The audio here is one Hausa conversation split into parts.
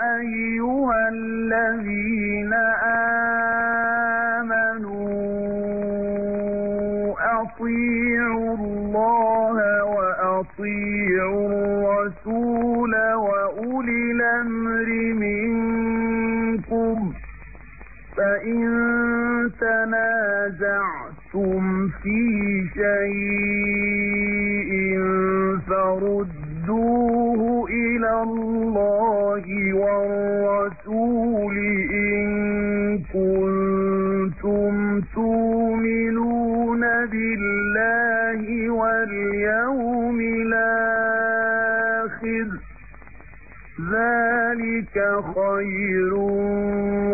أيها الذين آمنوا أطيعوا الله وأطيعوا الرسول وأولي الأمر منكم فإن تنازعتم في شيء فردوه إلى الله الرَّسُولِ إِن كُنتُمْ تُؤْمِنُونَ بِاللَّهِ وَالْيَوْمِ الْآخِرِ ذَلِكَ خَيْرٌ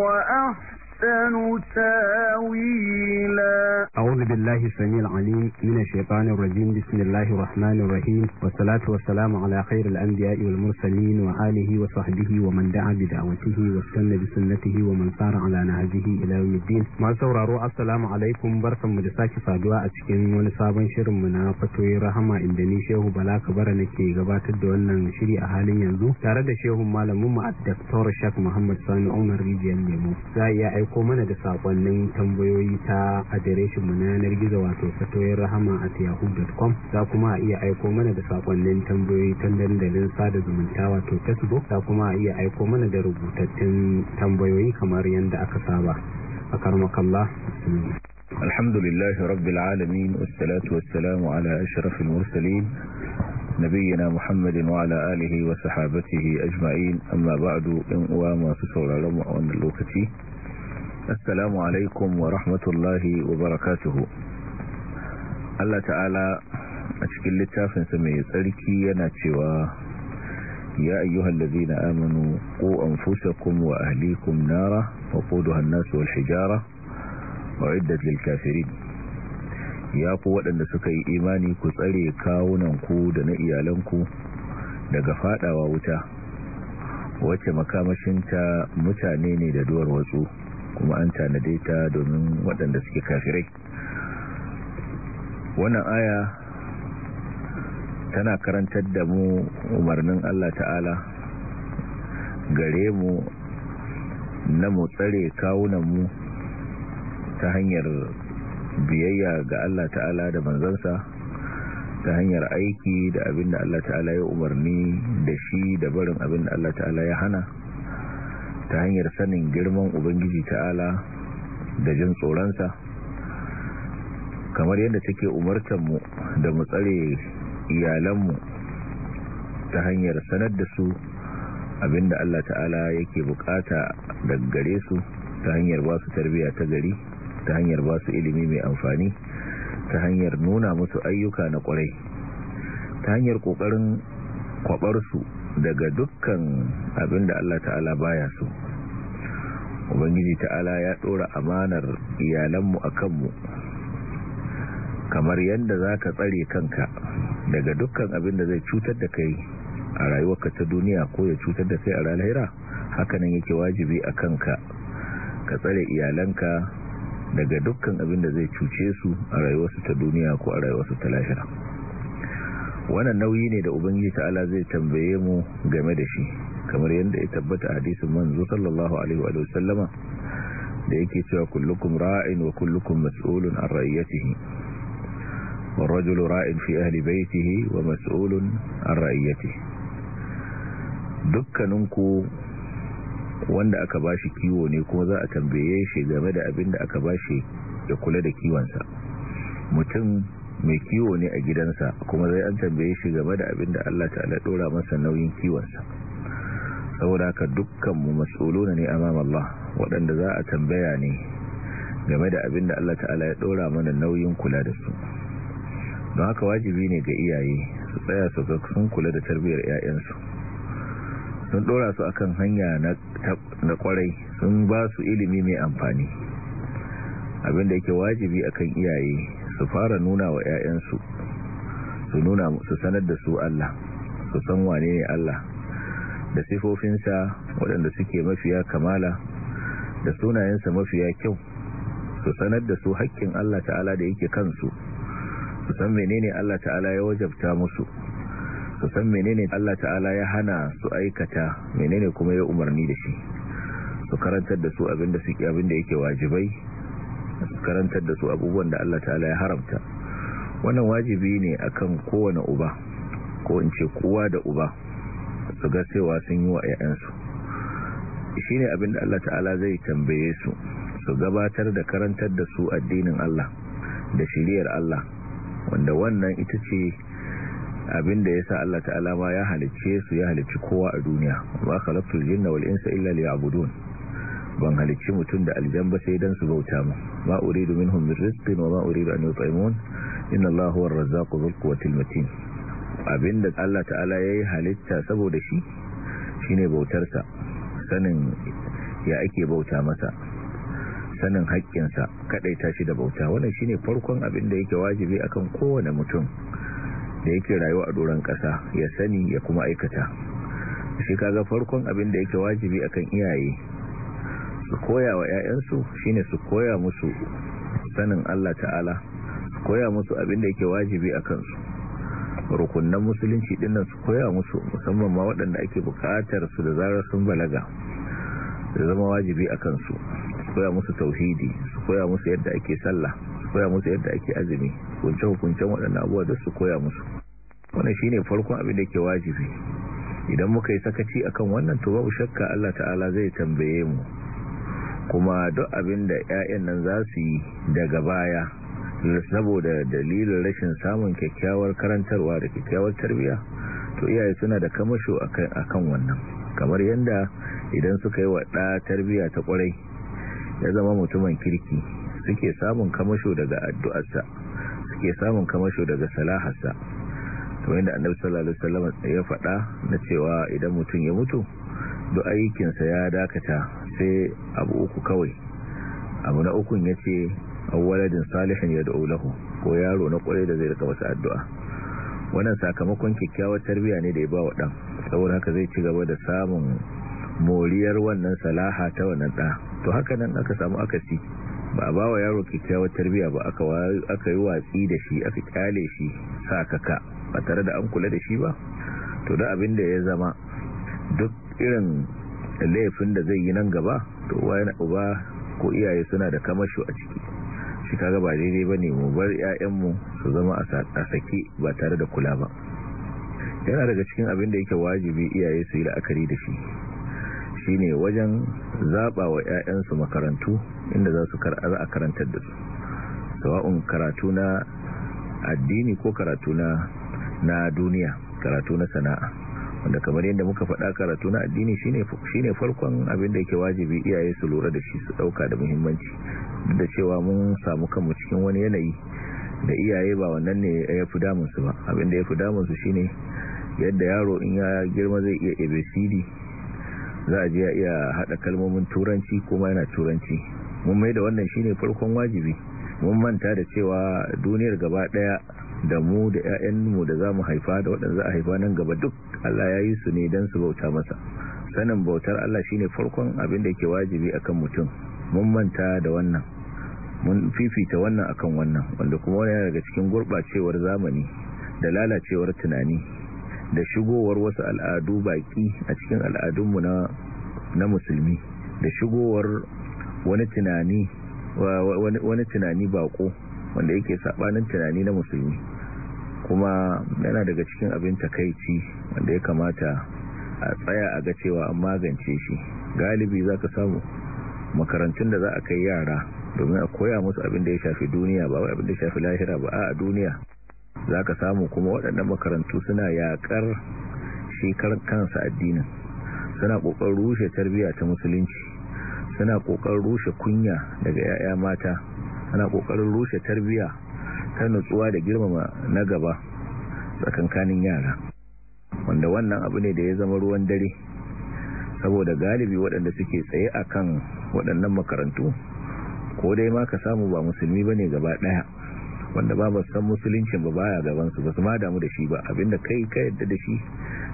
وَأَحْسَنُ تَأْوِيلًا أعوذ بالله السميع العليم من الشيطان الرجيم بسم الله الرحمن الرحيم والصلاة والسلام على خير الأنبياء والمرسلين وآله وصحبه ومن دعا بدعوته واستنى بسنته ومن صار على نهجه إلى يوم الدين ما سوراروا السلام عليكم بركم مدساك صادوا أتكين ونصابا شر منا فتوي رحمة إندني شيخ بلا كبر نكي غبات الدولنا شري أهالي ينزو تارد شيخ مالا مما الدكتور شاك محمد سامي عمر ريجي الليمو زي يا أيكو من دساقوا نين تنبيوي تا أدريش na yanar gizo wato fatoyin rahama at yahoo.com za kuma iya aiko mana da sakonnin tambayoyi ta dandalin sada zumunta wato facebook za kuma iya aiko mana da rubutattun tambayoyi kamar yadda aka saba a karmakallah alhamdulillahi rabbil alamin wassalatu wassalamu ala ashrafil mursalin نبينا محمد وعلى آله وصحابته أجمعين أما بعد إن أوا ما سسول لهم وأن lokaci. assalamu alaikum wa rahmatullahi wa barakatuhu Allah ta'ala a cikin littafinsa mai tsarki yana cewa ya ayyuhal ladzina amanu qu anfusakum wa ahlikum nara wa quduha wa nas wal hijara uiddat lil kafirin ya ku waɗanda suka yi imani ku tsare kawunan ku da na iyalanku daga fadawa wuta wacce makamashinta mutane ne da duwar watsu kuma an tanade ta domin waɗanda suke kafirai wannan aya tana karantar da mu umarnin Allah ta'ala gare mu na mu tsare mu ta hanyar biyayya ga Allah ta'ala da manzansa ta hanyar aiki da abin da Allah ta'ala ya umarni da shi da barin abin da Allah ta'ala ya hana ta hanyar sanin girman ubangiji ta'ala da jin tsoronsa kamar yadda take umartanmu da mu tsare iyalanmu ta hanyar sanar da su abinda Allah ta'ala yake bukata daga gare su ta hanyar ba su tarbiya ta gari ta hanyar ba su ilimi mai amfani ta hanyar nuna musu ayyuka na kwarai ta hanyar kokarin kwabar su daga dukkan abinda Allah ta'ala baya so ubangiji ta'ala ya dora amanar iyalanmu a kanmu kamar yadda za ka tsare kanka daga dukkan abin da zai cutar da kai a rayuwarka ta duniya ko ya cutar da kai a ralaira hakanan yake wajibi a kanka ka tsare iyalanka daga dukkan abin da zai cuce su a rayuwarsu ta duniya ko a rayuwarsu ta lahira wannan nauyi ne da ubangiji ta'ala zai tambaye mu game da shi kamar yadda ya tabbata hadisin manzo sallallahu alaihi wa sallama da yake cewa kullukum ra'in wa kullukum mas'ulun an ra'iyatihi والرجل راع في أهل بيته ومسؤول عن رأيته dukkaninku wanda aka bashi kiwo ne kuma za a tambaye shi game da abin da aka bashi ya kula da kiwonsa mutum mai kiwo ne a gidansa kuma zai an tambaye shi game da abin da Allah ta'ala dora masa nauyin kiwonsa saboda haka dukkan mas'uluna ne amam Allah waɗanda za a tambaya ne game da abin da Allah ta'ala ya ɗora mana nauyin kula da su don haka wajibi ne ga iyaye su tsaya su ga sun kula da tarbiyyar 'ya'yansu sun ɗora su akan hanya na kwarai sun ba su ilimi mai amfani abin da yake wajibi akan iyaye su fara nuna wa 'ya'yansu su nuna su sanar da su Allah su san wane ne Allah da sifofinsa waɗanda suke mafiya kamala da sunayensa mafiya kyau su sanar da su haƙƙin Allah ta'ala da yake kansu su san menene Allah ta'ala ya wajabta musu su san menene Allah ta'ala ya hana su aikata menene kuma ya umarni da shi su karantar da su abinda suke abinda yake wajibai su karantar da su abubuwan da Allah ta'ala ya haramta wannan wajibi ne akan kowane uba ko in ce kowa da uba su ga cewa sun yi wa 'ya'yansu shi ne abinda Allah ta'ala zai tambaye su su gabatar da karantar da su addinin Allah da shiriyar Allah wanda wannan ita ce abin da ya sa Allah ta'ala ma ya halicce su ya halicci kowa a duniya ba ka khalaqtul jinna wal insa illa liya'budun ban halicci mutum da aljan ba sai dan su bauta mu ma uridu minhum min rizqin wa ma uridu an yut'imun inna Allaha huwar razzaqu dhul quwwatil matin abinda Allah ta'ala ya yi halitta saboda shi shi ne bautarsa sanin ya ake bauta masa sanin haƙƙinsa kaɗaita shi da bauta wannan shine farkon abin da yake wajibi akan kowane mutum da yake rayuwa a doron ƙasa ya sani ya kuma aikata shi kaga farkon abin da yake wajibi akan iyaye su koya wa 'ya'yansu shine su koya musu sanin Allah ta'ala su koya musu abin da yake wajibi a kansu Rukunan musulunci dinnan su koya musu musamman ma waɗanda ake buƙatar su da zarar sun balaga da zama wajibi a kansu su koya musu tauhidi su koya musu yadda ake sallah su koya musu yadda ake azumi kunce hukuncen waɗannan abuwa da su koya musu shi shine farkon abin da ke wajibi idan muka yi sakaci a kan wannan to babu shakka Allah ta'ala zai tambaye mu kuma duk abin da 'ya'yan nan za su yi daga baya saboda dalilin rashin samun kyakkyawar karantarwa da kyakkyawar tarbiya to iyaye suna da kamasho a kan wannan kamar yadda idan suka yi wa ɗa tarbiya ta kwarai ya zama mutumin kirki suke samun kamasho daga addu'arsa suke samun kamasho daga salaharsa kamar yadda annabi sallallahu alaihi wasallam ya faɗa na cewa idan mutum ya mutu duk aikinsa ya dakata sai abu uku kawai abu na ukun yace aw waladin salihin da'u lahu ko yaro na kware da zai rika masa addu'a wannan sakamakon kyakkyawar tarbiyya ne da ya bawa dan saboda haka zai ci gaba da samun moriyar wannan salaha ta wannan da to haka nan aka samu akasi ba ba wa yaro kyakkyawar tarbiyya ba aka aka yi watsi da shi aka kyale shi ka ba tare da an kula da shi ba to da abin da ya zama duk irin laifin da zai yi nan gaba to wani uba ko iyaye suna da shi a ciki shi kaga ba daidai ba ne mu bar 'ya'yanmu su zama a sake ba tare da kula ba yana daga cikin abin da yake wajibi iyaye su yi la'akari da shi shine wajen zaɓa wa 'ya'yansu makarantu inda za su a karantar da su sawa'un karatu na addini ko karatu na duniya karatu na sana'a wanda kamar yadda muka faɗa karatu na addini shine farkon abin da yake wajibi iyaye su lura da shi su ɗauka da muhimmanci da cewa mun samu kanmu cikin wani yanayi da iyaye ba wannan ne ya fi damunsu ba abin da ya fi damunsu shine yadda yaro in ya girma zai iya abcd za a je ya iya haɗa kalmomin turanci kuma yana turanci mun mai da wannan shine farkon wajibi mun manta da cewa duniyar gaba ɗaya da mu da 'ya'yan mu da za mu haifa da waɗanda za a haifa nan gaba duk Allah ya yi su ne don su bauta masa sanin bautar Allah shine farkon abin da yake wajibi akan mutum mun manta da wannan mun fifita wannan akan wannan wanda kuma wani daga cikin gurɓacewar zamani da lalacewar tunani da shigowar wasu al'adu baƙi a cikin al'adunmu na na musulmi da shigowar wani tunani baƙo tunani wanda yake sabanin tunani na musulmi kuma yana daga cikin abin takaici wanda ya kamata a tsaya a ga cewa an magance shi galibi za ka samu makarantun da za a kai yara domin a koya musu abin da ya shafi duniya ba abin da ya shafi lahira ba a duniya za ka samu kuma waɗannan makarantu suna yaƙar shekar kansa addinin suna ƙoƙar rushe tarbiyya ta musulunci suna ƙoƙar rushe kunya daga 'ya'ya mata suna ƙoƙarin rushe tarbiyya ta nutsuwa da girmama na gaba tsakankanin yara wanda wannan abu ne da ya zama ruwan dare saboda galibi waɗanda suke tsaye a kan waɗannan makarantu ko dai ma ka samu ba musulmi ba ne gaba ɗaya wanda ba basu san musuluncin ba baya gabansu ba su ma damu da shi ba abinda kai ka yadda da shi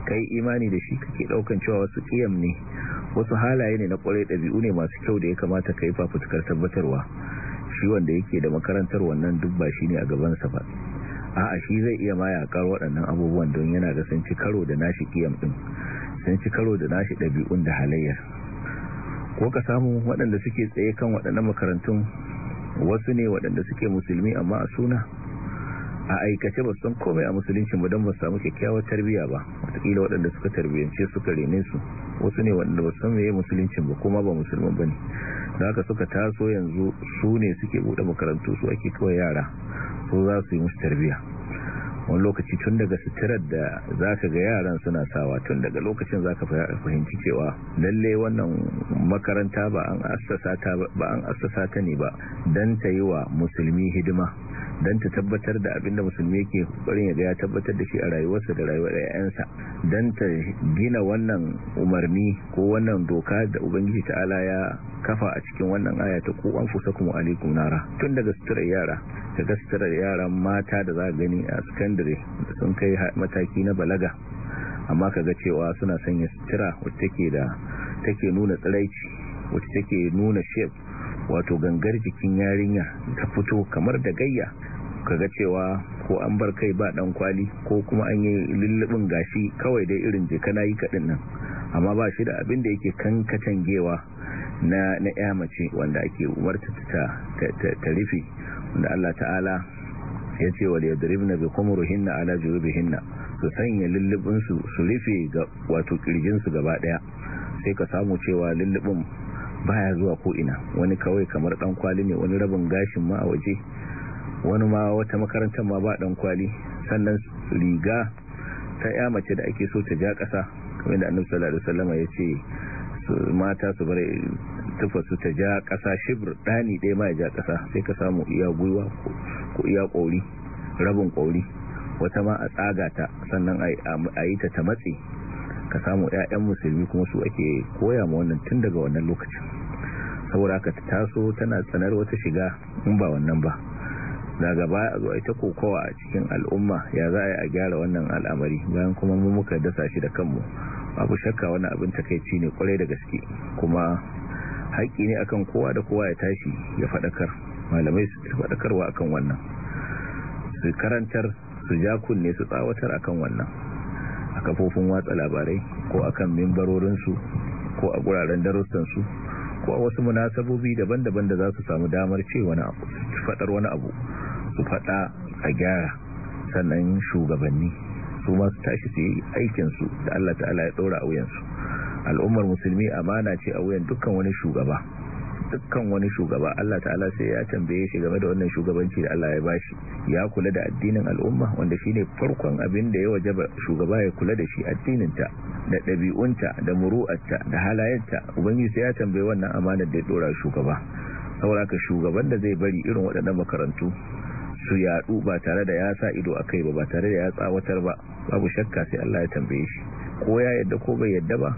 kai imani da shi kake ɗaukan cewa wasu kiyam ne wasu halaye ne na kwarai ɗabi'u ne masu kyau da ya kamata ka yi fafutukar tabbatarwa shi wanda yake da makarantar wannan dubba shi ne a gabansa ba a'a shi zai iya ma yakar waɗannan abubuwan don yana da sun ci karo da nashi kiyam ɗin sun ci karo da nashi ɗabi'un da halayyar ko ka samu waɗanda suke tsaye kan waɗannan makarantun wasu ne waɗanda suke musulmi amma a suna a aikace ba san komai a musulunci ba don ba samu kyakkyawar tarbiyya ba wataƙila waɗanda suka tarbiyyance suka rene su wasu ne waɗanda ba san meye musulunci ba kuma ba musulman ba ne da aka suka taso yanzu su ne suke buɗe makarantu su ake kawai yara su za su yi musu tarbiya wani lokaci tun daga suturar da za ka ga yaran suna sawa tun daga lokacin za ka fahimci cewa lalle wannan makaranta ba an assasa ta ne ba don ta yi wa musulmi hidima don ta tabbatar da abin da musulmi yake kwarin ya ya tabbatar da shi a rayuwarsa da rayuwar 'ya'yansa don ta gina wannan umarni ko wannan doka da ubangiji ta'ala ya kafa a cikin wannan aya ta an fusa kuma alaikum nara tun daga suturar yara daga suturar yaran mata da za a gani a da sun kai mataki na balaga amma kaga cewa suna sanya sutura wacce take da take nuna tsiraici wacce take nuna shape wato gangar jikin yarinya ta fito kamar da gayya ka ga cewa ko an bar kai ba dan kwali ko kuma an yi lullubin gashi kawai dai irin jika yi kaɗin nan amma ba shi da abin da yake kankatangewa na na ya mace wanda ake umarta ta ta rufe wanda Allah ta'ala ya ce wal yadribna bi kumurihinna ala jurubihinna su sanya lullubin su su rufe ga wato kirjin su gaba daya sai ka samu cewa lullubin baya zuwa ko ina wani kawai kamar dan kwali ne wani rabin gashin ma a waje wani ma wata makarantar ma ba dan kwali sannan riga ta ya mace da ake so ta ja ƙasa kamar da annabi sallallahu alaihi wasallam ya ce mata su bare tufa su ta ja kasa shibr dani dai ma ya ja kasa sai ka samu iya gwiwa ko iya kauri rabin kauri wata ma a tsaga ta sannan a yi ta ta matse ka samu 'ya'yan musulmi kuma su ake koya ma wannan tun daga wannan lokacin saboda aka taso tana tsanar wata shiga in ba wannan ba daga baya a zo a kokowa a cikin al'umma ya za a gyara wannan al'amari bayan kuma mu muka dasa shi da kanmu babu shakka wani abin takaici ne kwarai da gaske kuma haƙƙi ne akan kowa da kowa ya tashi ya faɗakar malamai su faɗakarwa akan wannan su karantar su ja kunne su tsawatar akan wannan a kafofin watsa labarai ko akan mimbarorinsu ko a guraren darussansu ko a wasu munasabobi daban-daban da za su samu damar ce wani abu faɗar wani abu su faɗa a gyara sannan shugabanni su masu tashi su yi aikinsu da Allah ta'ala ya ɗora a wuyansu al'ummar musulmi amana ce a wuyan dukkan wani shugaba dukkan wani shugaba Allah ta'ala sai ya tambaye shi game da wannan shugabanci da Allah ya bashi ya kula da addinin al'umma wanda shine farkon abin da ya wajaba shugaba ya kula da shi addininta da ɗabi'unta da muru'arta da halayenta ubangi sai ya tambaye wannan amanar da ya ɗora shugaba saboda ka shugaban da zai bari irin waɗannan makarantu su yadu ba tare da ya sa ido a kai ba ba tare da ya tsawatar ba babu shakka sai Allah ya tambaye shi ko ya yadda ko bai yadda ba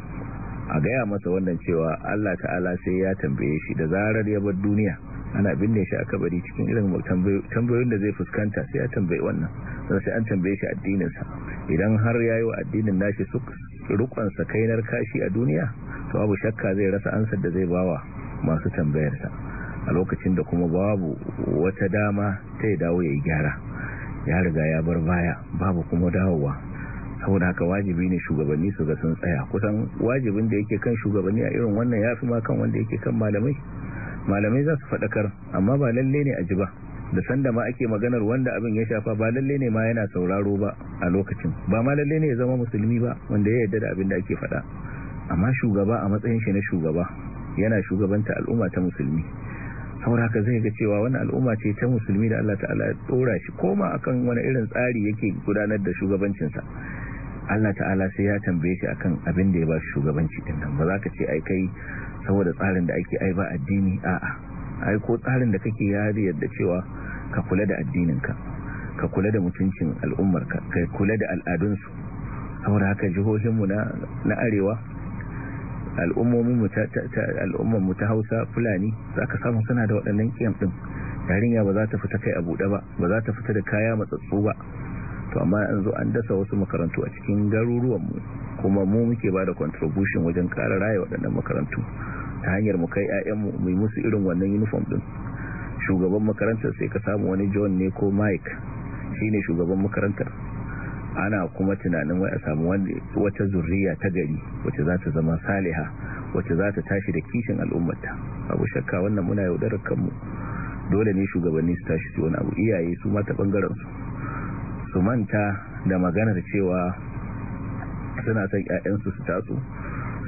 a gaya masa wannan cewa Allah ta'ala sai ya tambaye shi da zarar ya bar duniya ana binne shi a kabari cikin irin tambayoyin da zai fuskanta sai ya tambaye wannan sai an tambaye shi addininsa idan har ya yi wa addinin nashi su rukunsa kainar kashi a duniya to babu shakka zai rasa ansar da zai bawa masu tambayarsa a lokacin da kuma babu wata dama ta yi dawo ya yi gyara ya riga ya bar baya babu kuma dawowa saboda haka wajibi ne shugabanni su ga sun tsaya kusan wajibin da yake kan shugabanni a irin wannan ya fi ma kan wanda yake kan malamai malamai za su faɗakar amma ba lalle ne a ji ba da sanda ma ake maganar wanda abin ya shafa ba lalle ne ma yana sauraro ba a lokacin ba ma lalle ne ya zama musulmi ba wanda ya yarda da abin da ake faɗa amma shugaba a matsayin shi na shugaba yana shugabanta al'umma ta musulmi saboda haka zai ga cewa wani al'umma ce ta musulmi da Allah ta'ala ya tsora shi koma akan wani irin tsari yake gudanar da shugabancinsa Allah ta'ala sai ya tambaye shi akan abin da ya ba shugabanci din nan ba za ka ce ai kai saboda tsarin da ake ai ba addini a'a ai ko tsarin da kake ya yadda cewa ka kula da addininka ka kula da mutuncin al'ummarka ka kula da al'adunsu saboda haka jihohinmu na arewa al'ummar mu ta hausa fulani za ka samu suna da waɗannan kiyam ɗin yarinya ba za ta fita kai a buɗe ba ba za ta fita da kaya matsatsu ba to amma an zo an dasa wasu makarantu a cikin garuruwanmu kuma mu muke ba da contribution wajen ƙara raya waɗannan makarantu ta hanyar mu kai 'ya'yanmu mu yi musu irin wannan uniform ɗin shugaban makarantar sai ka samu wani john ne ko mike shine shugaban makarantar ana kuma tunanin wai a samu wata zurriya ta gari wacce za ta zama saliha wacce za ta tashi da kishin al'ummata abu shakka wannan muna yaudarar kanmu dole ne shugabanni su tashi su wani abu iyaye su mata bangaren su su manta da maganar cewa suna son ƴaƴansu su taso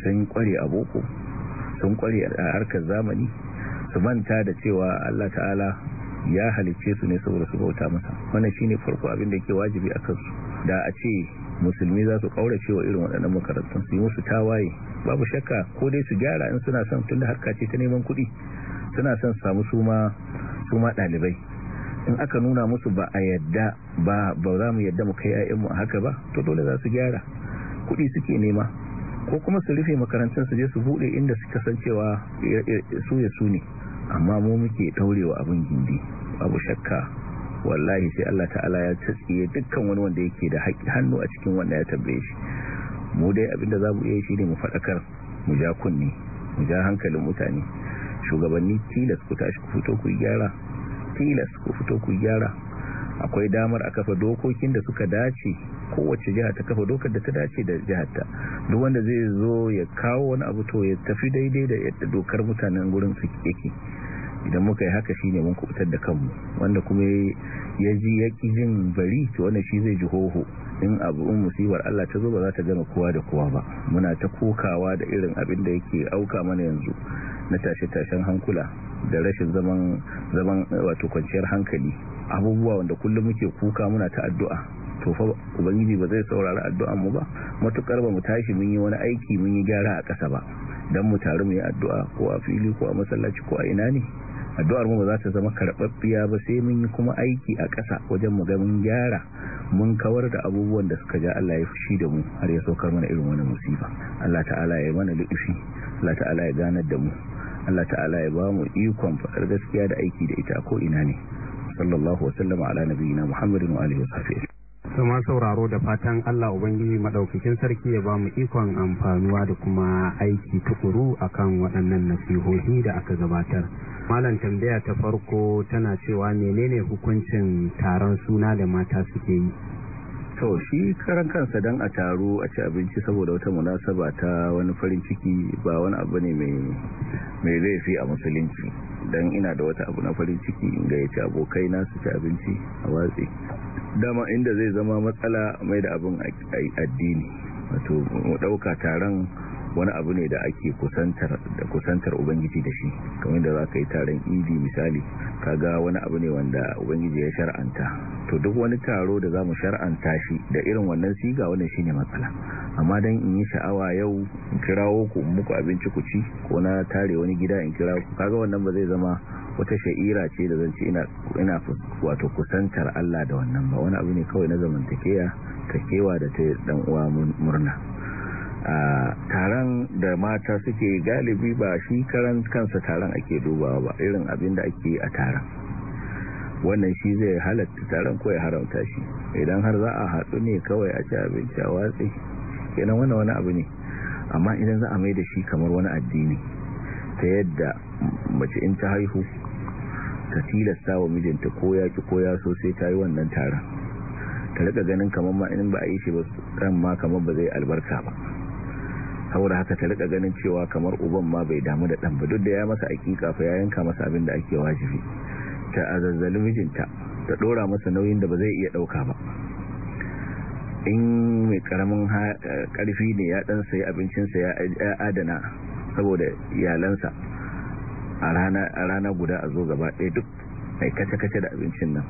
sun kware a boko sun kware a harkar zamani su manta da cewa Allah ta'ala ya halicce su ne saboda su bauta masa wannan shine farko abin da yake wajibi akan su da a ce musulmi za su kaura wa irin waɗannan makarantun su yi musu tawaye babu shakka ko dai su gyara in suna son da harka ce ta neman kuɗi suna son samu su ma ɗalibai in aka nuna musu ba a yadda ba ba za mu yadda mu kai ayyanmu a haka ba to dole za su gyara kuɗi suke nema ko kuma su rufe makarantun su je su buɗe inda suka san cewa eh, eh, su ya su ne amma mu muke ɗaurewa abin gindi babu shakka wallahi sai Allah ta'ala ya tsiye dukkan wani wanda yake da hannu a cikin wanda ya tambaye shi mu dai abinda za mu iya shi ne mu faɗakar mu ja kunni mu ja hankalin mutane shugabanni tilas ku tashi ku fito ku gyara tilas ku fito ku gyara akwai damar a kafa dokokin da suka dace kowace jiha ta kafa dokar da ta dace da jihar ta duk wanda zai zo ya kawo wani abu to ya tafi daidai da yadda dokar mutanen gurin su yake idan muka yi haka shi ne mun kubutar da kanmu wanda kuma ya ji yaki jin bari to wanda shi zai ji hoho in abu musibar Allah ta zo ba za ta gama kowa da kowa ba muna ta kokawa da irin abin da yake auka mana yanzu na tashe-tashen hankula da rashin zaman zaman wato kwanciyar hankali abubuwa wanda kullum muke kuka muna ta addu'a to fa ubangiji ba zai saurari addu'an mu ba matukar ba mu tashi mun yi wani aiki mun yi gyara a kasa ba dan mu taru mu yi addu'a ko a fili ko a masallaci ko a ina ne addu'ar mu ba za ta zama karɓaɓɓiya ba sai mun yi kuma aiki a ƙasa wajen mu ga mun gyara mun kawar da abubuwan da suka ja Allah ya fushi da mu har ya saukar mana irin wani musiba Allah ta'ala ya mana lufi Allah ta'ala ya ganar da mu Allah ta'ala ya ba mu ikon faɗar gaskiya da aiki da ita ko ina ne sallallahu wa sallama ala nabiyina muhammadin wa alihi wa Suma sauraro da fatan Allah Ubangiji Maɗaukakin Sarki ya ba mu ikon amfanuwa da kuma aiki tukuru a kan waɗannan nasihohi da aka gabatar. Malam tambaya ta farko tana cewa menene hukuncin taron suna da mata suke yi. To shi karan kansa don a taro a ci abinci saboda wata munasaba ta wani farin ciki ba wani abu ne mai laifi a musulunci don ina da wata abu na farin ciki ga ya abokai na su ci abinci a watsi dama inda zai zama matsala mai da abin addini wato dauka taron wani abu ne da ake kusantar da kusantar ubangiji da shi kamar da zaka yi taron idi misali kaga wani abu ne wanda ubangiji ya shar'anta to duk wani taro da zamu shar'anta shi da irin wannan siga wannan shine matsala amma dan in yi sha'awa yau in kirawo ku muku abinci ku ci ko na tare wani gida in kira ku kaga wannan ba zai zama wata sha'ira ce da zan ce ina wato kusantar Allah da wannan ba wani abu ne kawai na zamantakewa ta kewa da ta dan uwa murna a taron da mata suke galibi ba shi karan kansa taron ake dubawa ba irin abin da ake a taron wannan shi zai halatta taron ko ya haramta shi idan har za a haɗu ne kawai a ci abinci a watsi kenan wannan wani abu ne amma idan za a mai da shi kamar wani addini ta yadda mace in ta haihu ta tilasta wa mijinta ko ya ki ko ya so sai ta yi wannan taron ta rika ganin kamar ma in ba a yi shi ba ran ma kamar ba zai albarka ba saboda haka ta rika ganin cewa kamar uban ma bai damu da ɗan ba duk da ya masa aƙiƙa fa ya yanka masa abin da ake wajibi ta azazzali mijinta ta ɗora masa nauyin da ba zai iya ɗauka ba in mai karamin ƙarfi ne ya ɗan sayi abincinsa ya adana saboda iyalansa a rana guda a zo gaba ɗaya duk mai kace-kace da abincin nan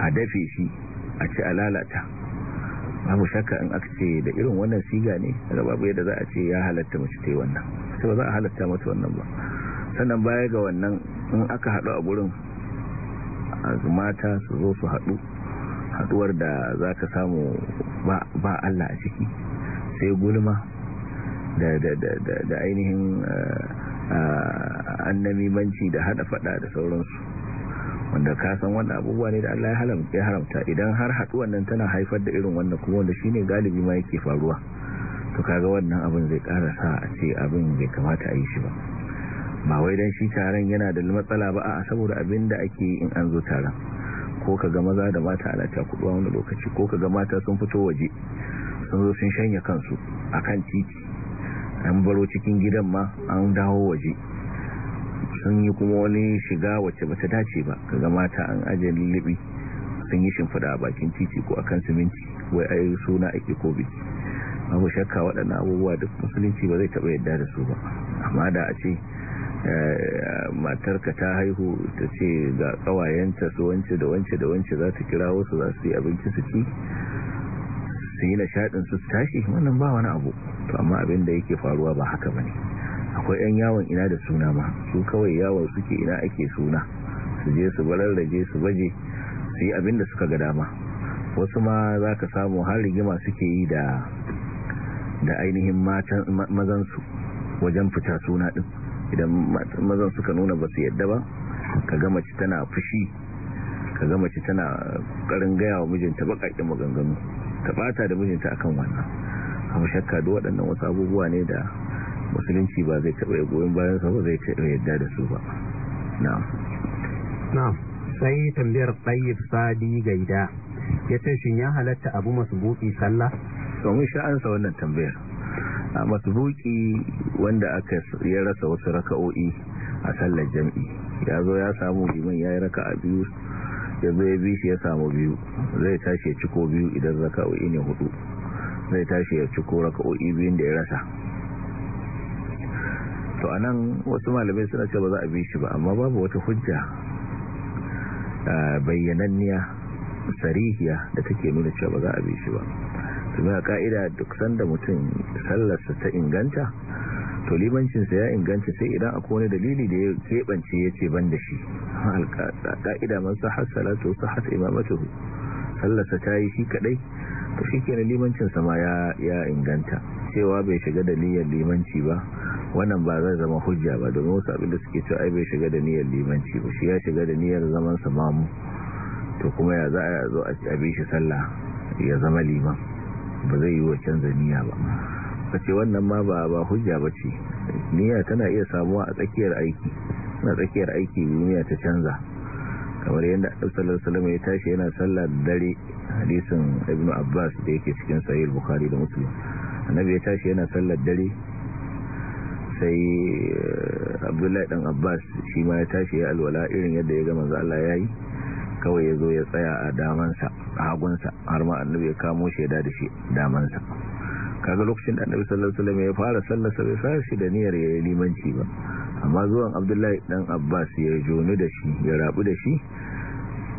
a dafe shi a ci a lalata babu shakka in aka ce da irin wannan siga ne da babu yadda za a ce ya halatta mace ta yi wannan ce ba za a halatta mata wannan ba sannan baya ga wannan in aka haɗu a gurin mata su zo su haɗu haɗuwar da za ka samu ba Allah a ciki sai gulma da ainihin eh, annamimanci da hada fada da sauransu wanda ka san wannan abubuwa ne da Allah ya haramta idan har haduwan nan tana haifar da irin wannan kuma wanda shine galibi ma yake faruwa to kaga wannan abin zai karasa sa a ce abin bai kamata a yi shi ba ba wai dan shi taron yana da matsala ba a saboda abin da ake yi in an zo taron ko kaga maza da mata ana cakuduwa wani lokaci ko kaga mata sun fito waje sun zo sun shanya kansu akan titi an baro cikin gidan ma an dawo waje sun yi kuma wani shiga wacce ba ta dace ba ga mata an ajiye lullubi sun yi shimfada a bakin titi ko a kan siminti wai a yi suna ake covid abu shakka waɗannan abubuwa da musulunci ba zai taɓa yadda da su ba amma da a ce eh, matarka ta haihu ta ce ga ƙawayenta su wance da wance da wance za ta kira wasu za su yi abinci su ci su yi shaɗin su tashi wannan ba wani abu to amma abin da yake faruwa ba haka ba ne akwai yan yawon ina da suna ma su kawai yawon suke ina ake suna su je su balarraje su baje su yi abin da suka ga dama wasu ma za ka samu har rigima suke yi da da ainihin mazansu wajen fita suna din idan mazan suka nuna ba su yadda ba ka gama ci tana fushi ka ga ci tana karin gaya wa mijinta bakakin maganganu ta bata da mijinta akan wannan amma shakka da waɗannan wasu abubuwa ne da musulunci ba zai taɓa goyon bayan sa ba zai taɓa yadda da su ba na'am na'am sai tambayar tayyib sadi gaida yace shin ya halatta abu masbuki sallah to mun sha ansa wannan tambayar a masbuki wanda aka ya rasa wasu raka'o'i a sallar jam'i ya zo ya samu liman ya yi raka'a biyu ya zo ya bi shi ya samu biyu zai tashi ya ciko biyu idan zaka'o'i ne hudu zai tashi ya ciko raka'o'i biyun da ya rasa to anan wasu malamai suna ce ba za a bi shi ba amma babu wata hujja bayyananniya sarihiya da take nuna cewa ba za a bi shi ba su ba ka'ida duk sanda mutum sallarsa ta inganta to limancinsa ya inganta sai idan akwai wani dalili da ya keɓance ya ce ban da shi ƙa'ida man sahar salatu sahar imamatuhu sallarsa ta yi shi kaɗai to shi kenan limancinsa ma ya inganta cewa bai shiga da niyyar limanci ba wannan ba zai zama hujja ba domin wasu abin da suke cewa ai bai shiga da niyyar limanci ba shi ya shiga da niyyar zaman sa mamu to kuma ya za a zo a bi shi sallah ya zama liman ba zai yi wa canza niyya ba ka ce wannan ma ba ba hujja ba ce niyya tana iya samuwa a tsakiyar aiki na tsakiyar aiki niyya ta canza kamar yadda sallallahu salama ya tashi yana sallar dare hadisin ibnu abbas da yake cikin sahih bukhari da muslim annabi ya tashi yana sallar dare sai eh, abdullahi dan abbas shi ma ya tashi ya alwala irin yadda ya ga manzo Allah yayi kawai ya zo ya tsaya a damansa a hagunsa har ma annabi ya kamo shaida da shi damansa kaga lokacin da annabi sallallahu alaihi wasallam ya fara sallar sa bai shi da niyyar ya yi limanci ba amma zuwan abdullahi dan abbas ya joni da shi ya rabu da shi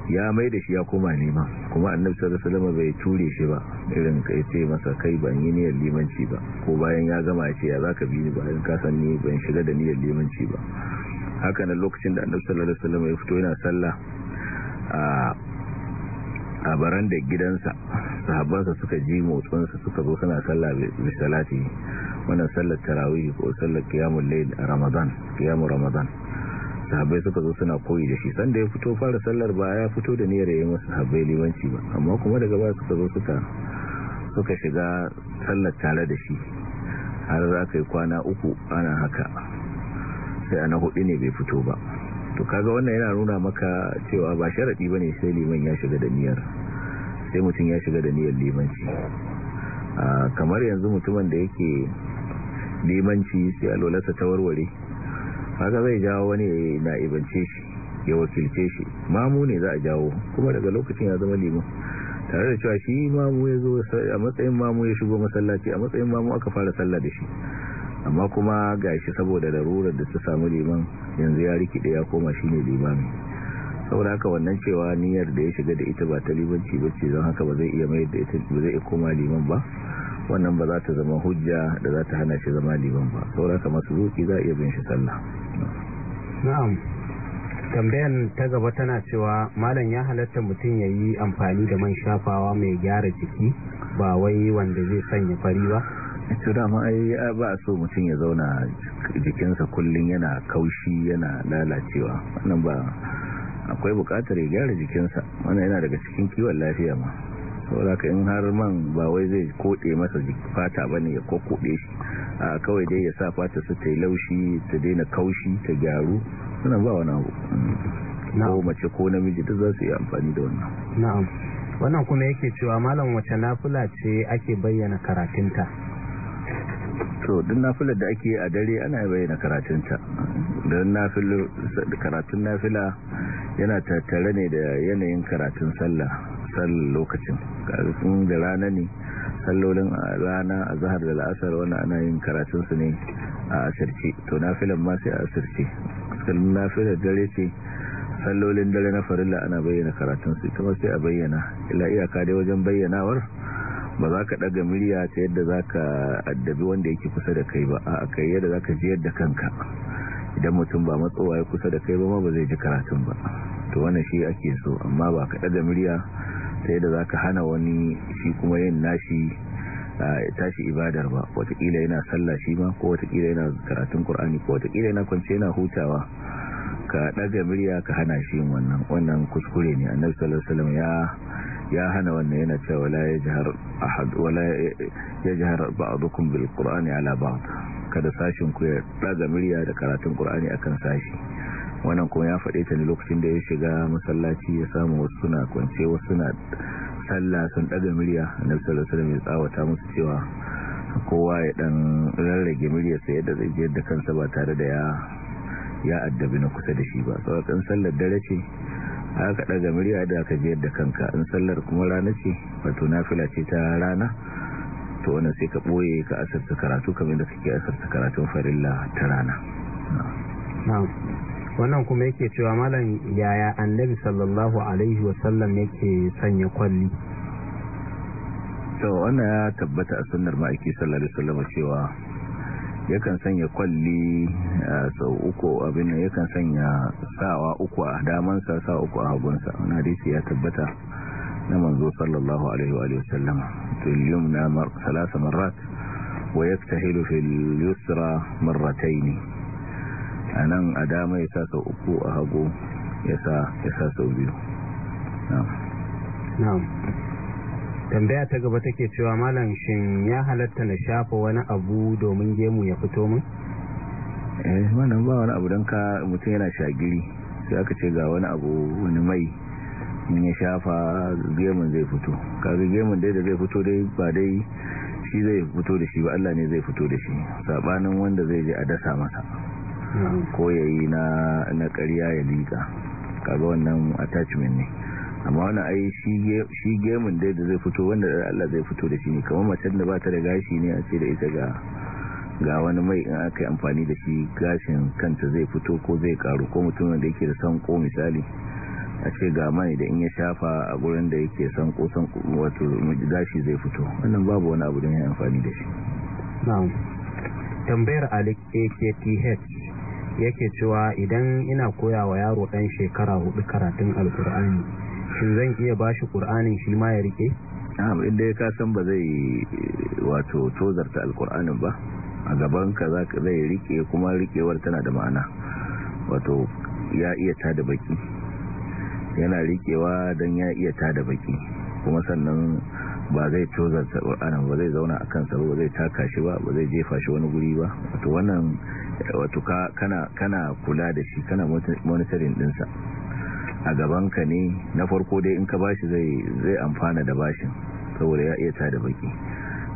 ya mai da shi ya koma nema kuma annabi sallallahu alaihi wasallam bai ture shi ba irin kai sai masa kai ban yi niyyar limanci ba ko bayan ya gama ya ce ya zaka bi ni bayan ka san ni ban shiga da niyyar limanci ba haka nan lokacin da annabi sallallahu alaihi wasallam ya fito yana sallah a ah, a baran da gidansa sahabbansa suka ji motsinsa suka zo suna sallah bi salati wannan sallar tarawih ko sallar kiyamun layl a ramadan ƙiyamun ramadan sahabbai suka zo suna koyi da shi sanda ya fito fara sallar ba ya fito da niyyar yayin masu sahabbai limanci ba amma kuma daga baya suka zo suka shiga sallar tare da shi har za ka kwana uku ana haka sai ana hudu ne bai fito ba to kaga wannan yana nuna maka cewa ba sharadi bane sai liman ya shiga da niyyar sai mutum ya shiga da niyyar limanci kamar yanzu mutumin da yake limanci sai alolarsa ta warware haka zai jawo wani na ibance shi ya wakilce shi mamu ne za a jawo kuma daga lokacin ya zama liman tare da cewa shi mamu ya zo a matsayin mamu ya shigo masallaci a matsayin mamu aka fara sallah da shi amma kuma gashi saboda larurar da ta samu liman yanzu ya rikide ya koma shine limami saboda haka wannan cewa niyyar da ya shiga da ita ba ta ba bace don haka ba zai iya mai da ita ba zai koma liman ba wannan ba za ta zama hujja da za ta hana shi zama liman ba saboda haka masu zuki za a iya bin shi sallah na'am tambayan ta gaba tana cewa malam ya halatta mutum ya yi amfani da man shafawa mai gyara jiki ba wai wanda zai sanya fari ba da ma ai ba a so mutum ya zauna jikinsa kullum yana kaushi yana lalacewa wannan ba akwai bukatar ya gyara jikinsa wannan yana daga cikin kiwon lafiya ma saboda in har man ba wai zai koɗe masa fata ba ne ya kokode shi a kawai dai ya sa fata su ta laushi ta daina kaushi ta gyaru wannan ba wani abu ko mace ko namiji duk za su yi amfani da wannan na'am wannan kuma yake cewa malam wace nafula ce ake bayyana karatunta to din nafilar da ake a dare ana bayyana karatunta don karatun nafila yana tattare ne da yanayin karatun sallah sallar lokacin karfin da rana ne sallolin rana a zahar da la'asar wani ana yin karatunsu ne a asirce to nafilan ma sai a asirce sallolin nafilar dare ce sallolin dare na farilla ana bayyana karatunsu su. Kuma sai a bayyana ila iyaka dai wajen bayyanawar ba za ka daga miliya ta yadda za ka addabi wanda yake kusa da kai ba a kai yadda za ka ji yadda kanka idan mutum ba matsowa ya kusa da kai ba ma ba zai ji karatun ba to wane shi ake so amma ba ka daga miliya ta yadda za ka hana wani shi kuma yin nashi tashi ibadar ba watakila yana sallah shi ma ko watakila yana karatun kur'ani ko watakila yana kwance yana hutawa ka daga miliya ka hana shi wannan wannan kuskure ne annabi sallallahu alaihi wasallam ya ya hana wannan yana cewa wala yajhar ahad wala yajhar ba'dukum bil qur'ani ala ba'd kada sashin ku ya daga murya da karatun qur'ani akan sashi wannan kuma ya faɗe ta ne lokacin da ya shiga masallaci ya samu wasu suna kwance wasu suna sallah sun daga murya annabi sallallahu alaihi wasallam ya tsawata musu cewa kowa ya dan rarrage sai yadda zai je da kansa ba tare da ya ya addabi na kusa da shi ba sauran sallar dare ce aka daga murya da aka biyar da kanka in sallar kuma rana ce wato nafila ce ta rana to wannan sai ka boye ka asarta karatu kamar da kake asarta karatun farilla ta rana wannan kuma yake cewa malam yaya annabi sallallahu alaihi wasallam yake sanya kwalli to wannan ya tabbata a sunnar ma'aiki sallallahu alaihi wasallam cewa yakan sanya kwalli sau uku abin da yakan sanya sawa uku a damansa sa uku a hagunsa wani hadisi ya tabbata na manzo sallallahu alaihi wa sallama fil na salasa marat wa yaktahilu fil yusra a nan a dama ya sa sau uku a hagu ya sa sau biyu na'am tambaya ta gaba take cewa malam shin ya halatta na shafa wani abu domin gemu ya fito min eh wannan ba wani abu don ka mutum yana shagiri sai aka ce ga wani abu wani mai in ya shafa gemun zai fito kaga gemun dai da zai fito dai ba dai shi zai fito da shi ba Allah ne zai fito da shi sabanin wanda zai je a dasa masa hmm. ko yayi na na ƙarya ya liƙa kaga wannan attachment ne amma wani ai shi gemun dai da zai fito wanda Allah zai fito da shi ne kamar macen da ba ta da gashi ne a ce da ita ga ga wani mai in aka yi amfani da shi gashin kanta zai fito ko zai karu ko mutumin da yake da sanko misali a ce ga mai da in ya shafa a gurin da yake sanko sanko wato gashi zai fito wannan babu wani abu da ya amfani da shi na'am tambayar alik akth yake cewa idan ina koyawa yaro dan shekara hudu karatun alkur'ani shin zan iya bashi qur'anin shi ma ya rike na'am inda ya kasan ba zai eh, wato tozarta alqur'anin ba a gaban ka zaka zai rike kuma rikewar tana da ma'ana wato ya iya tada baki yana rikewa dan ya iya tada baki kuma sannan ba zai tozarta qur'anin ba zai zauna akan sa ba zai taka shi ba ba zai jefa shi wani guri ba wato wannan eh, wato kana kula da shi kana monitoring din a gabanka ne na farko dai in ka bashi zai amfana da bashin saboda ya iya ta da baki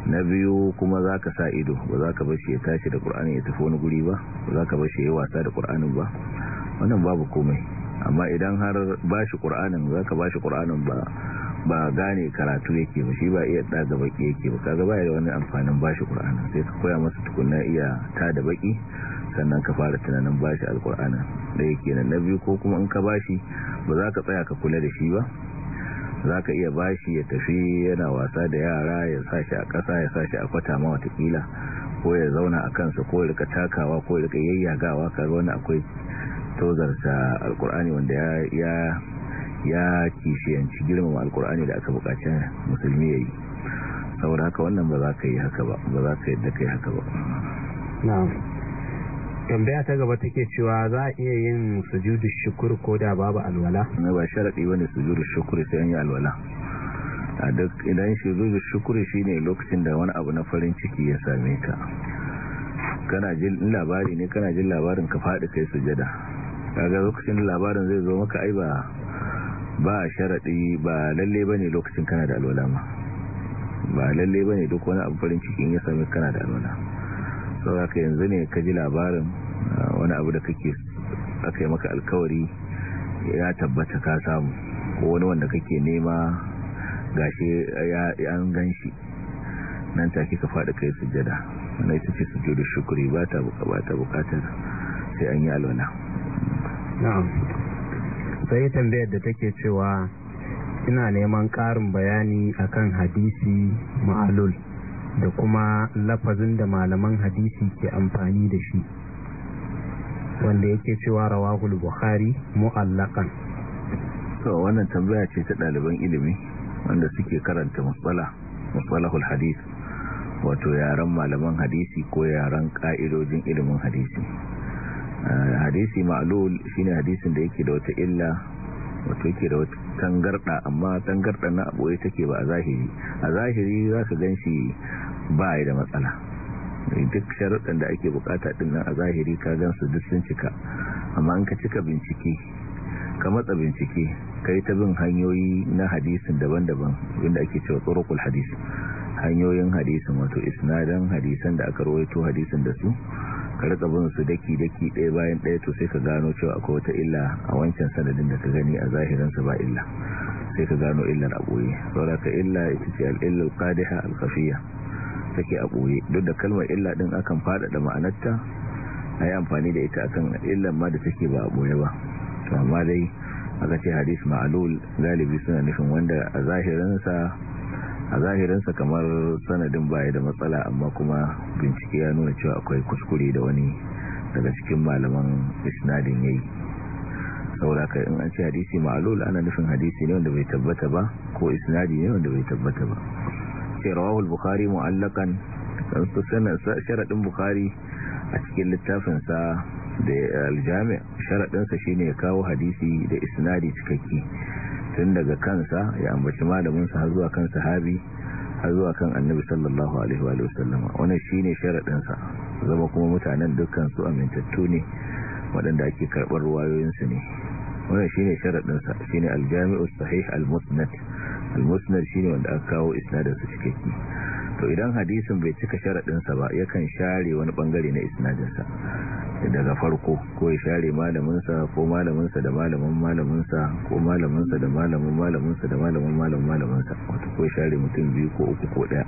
na biyu kuma za ka sa ido ba za ka bashi ya tashi da ƙur'ani ya tafi wani guri ba ba za ka bashi ya yi wasa da ƙur'anin ba wannan babu komai amma idan har bashi ƙur'anin za ka bashi ƙur'anin ba ba gane karatu yake ba shi ba iya daga baki yake ba kaga ba ya wani amfanin bashi qur'ani sai ka koya masa tukunna iya ta da baki sannan ka fara tunanin bashi alqur'ani da yake nan na biyu ko kuma in ka bashi ba za ka tsaya ka kula da shi ba za ka iya bashi ya tafi yana wasa da yara ya sashi a ƙasa ya sashi a kwata ma watakila ko ya zauna a kansa ko ya rika takawa ko ya rika yayyagawa kar wani akwai tozarta alkur'ani wanda ya ya kishiyanci girmama alkur'ani da aka bukaci musulmi ya yi saboda haka wannan ba za ka yi haka ba ba za ka yadda ka yi haka ba tambaya ta gaba take cewa za a iya yin sujudu shukur ko da babu alwala na ba sharaɗi wani sujudu shukur sai an yi alwala a duk idan sujudu shukur ne lokacin da wani abu na farin ciki ya same ka kana jin labari ne kana jin labarin ka faɗi kai sujada kaga lokacin labarin zai zo maka ai ba ba sharaɗi ba lalle ba ne lokacin kana da alwala ma ba lalle ba ne duk wani abu farin cikin ya sami kana da alwala sau haka yanzu ne ka ji labarin wani abu da kake aka yi maka alkawari ya tabbata ka samu ko wani wanda kake nema gashi an gan shi nan take ka faɗi kai sujada wanda ita ce sujjada shukuri ba ta bukatar sai an yi alwala sai tambayar da take cewa ina neman ƙarin bayani akan hadisi ma'alul da kuma lafazin da malaman hadisi ke amfani da shi wanda yake cewa rawahul bukhari mu'allakan so wannan tambaya ce ta ɗaliban ilimi wanda suke karanta matsala musbalahul hadisi wato yaren malaman hadisi ko yaren ka'idojin ilimin hadisi Eh, hadisi ma'lul shine hadisin da yake da wata illa wato yake da wata tangarda amma tangarda na aboye take ba a zahiri a zahiri za ka gan shi ba ya da matsala eh, duk sharuɗan da ake bukata ɗin nan a zahiri ka gan su duk sun cika amma an ka cika bincike ka matsa bincike ka yi ta bin hanyoyi na hadisin daban-daban wanda ake cewa tsorokul hadis hanyoyin hadisin wato isnadan hadisan da aka rawaito hadisin da su ka rika bin su daki daki ɗaya bayan ɗaya to sai ka gano cewa akwai wata illa a wancan sanadin da ka gani a zahirin ba illa sai ka gano illar a boye saboda ka illa ita ce al'illar illa alkafiya take a boye duk da kalmar illa din akan faɗaɗa ma'anarta a yi amfani da ita akan illar ma da take ba a boye ba amma dai aka ce hadis ma'alul galibi suna nufin wanda a zahirinsa a zahirinsa kamar sanadin baya da matsala amma kuma bincike ya nuna cewa akwai kuskure da wani daga cikin malaman isnadin yayi saboda kai in an ce hadisi ma'lul ana nufin hadisi ne wanda bai tabbata ba ko isnadi ne wanda bai tabbata ba ce rawahu al-bukhari mu'allaqan dan su sanan sharadin bukhari a cikin littafin sa da eh, al-jami' sharadin sa shine ya kawo hadisi da isnadi cikakke tun daga kansa ya ambaci malaminsa har zuwa kan sahabi har zuwa kan annabi sallallahu alaihi wa sallama wannan shine sharadin sa zama kuma mutanen dukkan su amintattu ne waɗanda ake karɓar ruwayoyin su ne wannan shine sharadin sa shine al-jami'u sahih al-musnad al-musnad shine wanda aka kawo isnadin su cikakke to idan hadisin bai cika sharaɗinsa ba yakan share wani ɓangare na isnadinsa daga farko ko ya share malaminsa ko malaminsa da malamin malaminsa ko malaminsa da malamin malaminsa da malamin malamin malaminsa wato ko ya share mutum biyu ko uku ko ɗaya